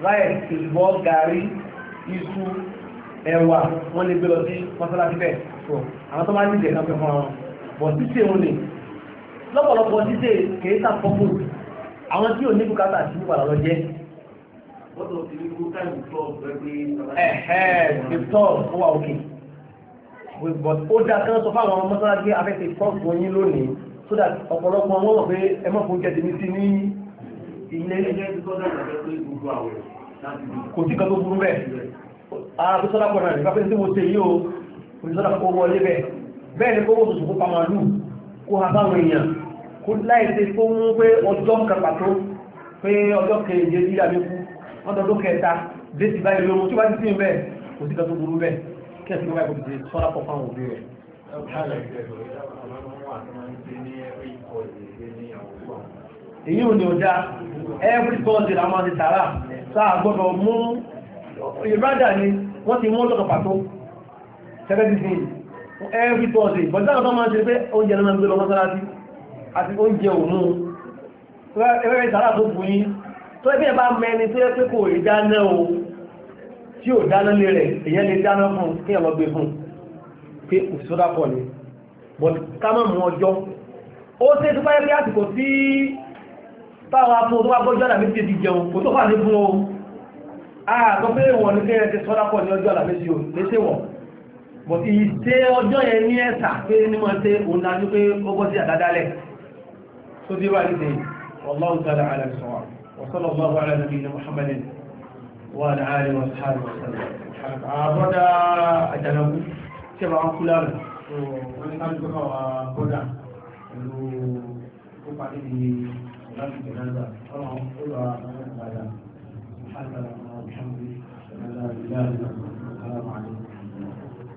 ráyẹ̀ àwọn tó máa ní ìdẹ̀ká fẹ́ fún àwọn bọ̀ títẹ̀ òun ni lọ́pọ̀lọpọ̀ títẹ̀ kèéta pọ́pù àwọn tí ò ní bùkátà sí padà lọ jẹ́ ó dá kán sọ fáwọn ọmọ sára gbé afẹ́fẹ́ pọ́ọ̀pù yín lónìí so that ọ̀pọ̀lọpọ̀ wọn mọ̀ pé ẹ mọ̀ fún jẹ́dẹ̀ ní sí ní ilé kò sí kan tó burú bẹ́ẹ̀ àbúsọ́lápọ̀ náà nípa pé tí mo ṣe yìí o òṣìṣọ́nà kó wọlé bẹ́ẹ̀ bẹ́ẹ̀ ni kówó tuntun kó pamọ́ lù kó ha báwọn èèyàn kó láìsí kó mú pé ọjọ́ kan pàtó pé ọjọ́ keje bí àbí kú wọ́n tọdún kẹta dé ti báyìí lóru tí wọ́n ti sìn bẹ́ẹ̀ kò sí kan tó burú bẹ́ẹ̀ kí ẹ̀sìn wáyé kò ti sọ́ra pọ̀ fáwọn òbí rẹ̀. èyí ò ní ọjà every sunday làwọn ti tààrà sáà gbọ́dọ̀ mú ìbádà ni wọ́n ti mú ọjọ́ kan pàtó tẹ́lẹ́dìsìn every Thursday but dáwọn tó máa ṣe pé oúnjẹ lọ́nà gbé lọ mọ́sálásí àti oúnjẹ òmú ẹgbẹ́ ìsàrà tó bù yí tó ẹgbẹ́ bá mẹ́ni tó yẹ pé kò rí dáná o tí ò dáná lé rẹ̀ èyẹ́ lè dáná fún kí ẹ̀lọ́ gbé fún pé òṣìṣọ́dá pọ̀ ni but ká mọ̀ mú ọjọ́ ó ṣe tó báyẹ́ pé àsìkò tí táwọn afún tó bá bọ́jọ́ àlàmísì ti jẹun kò tó fà ní fún o àtọ́ pé wọ̀n ní kẹ́ẹ̀ẹ́ ti sọ́dá pọ̀ ní ọjọ́ àlàmísì ò léṣe wọ̀n but ìṣe ọjọ́ yẹn ní ẹ̀sà pé nímọ̀ tẹ́ òun dájú pé ó bọ́ sí àdádálẹ̀ tó dé wà nídẹ̀ ọlọ́run tààdà alẹ́sọ̀wà الله على نبينا محمد وعلى آله وصحبه وسلم àbọ́dá àjànàkú tí a bá ń kú lára wọ́n ní káàkiri kọ́kọ́ wa bọ́dá pẹ̀lú ó pàdé ní láti ìjọba náà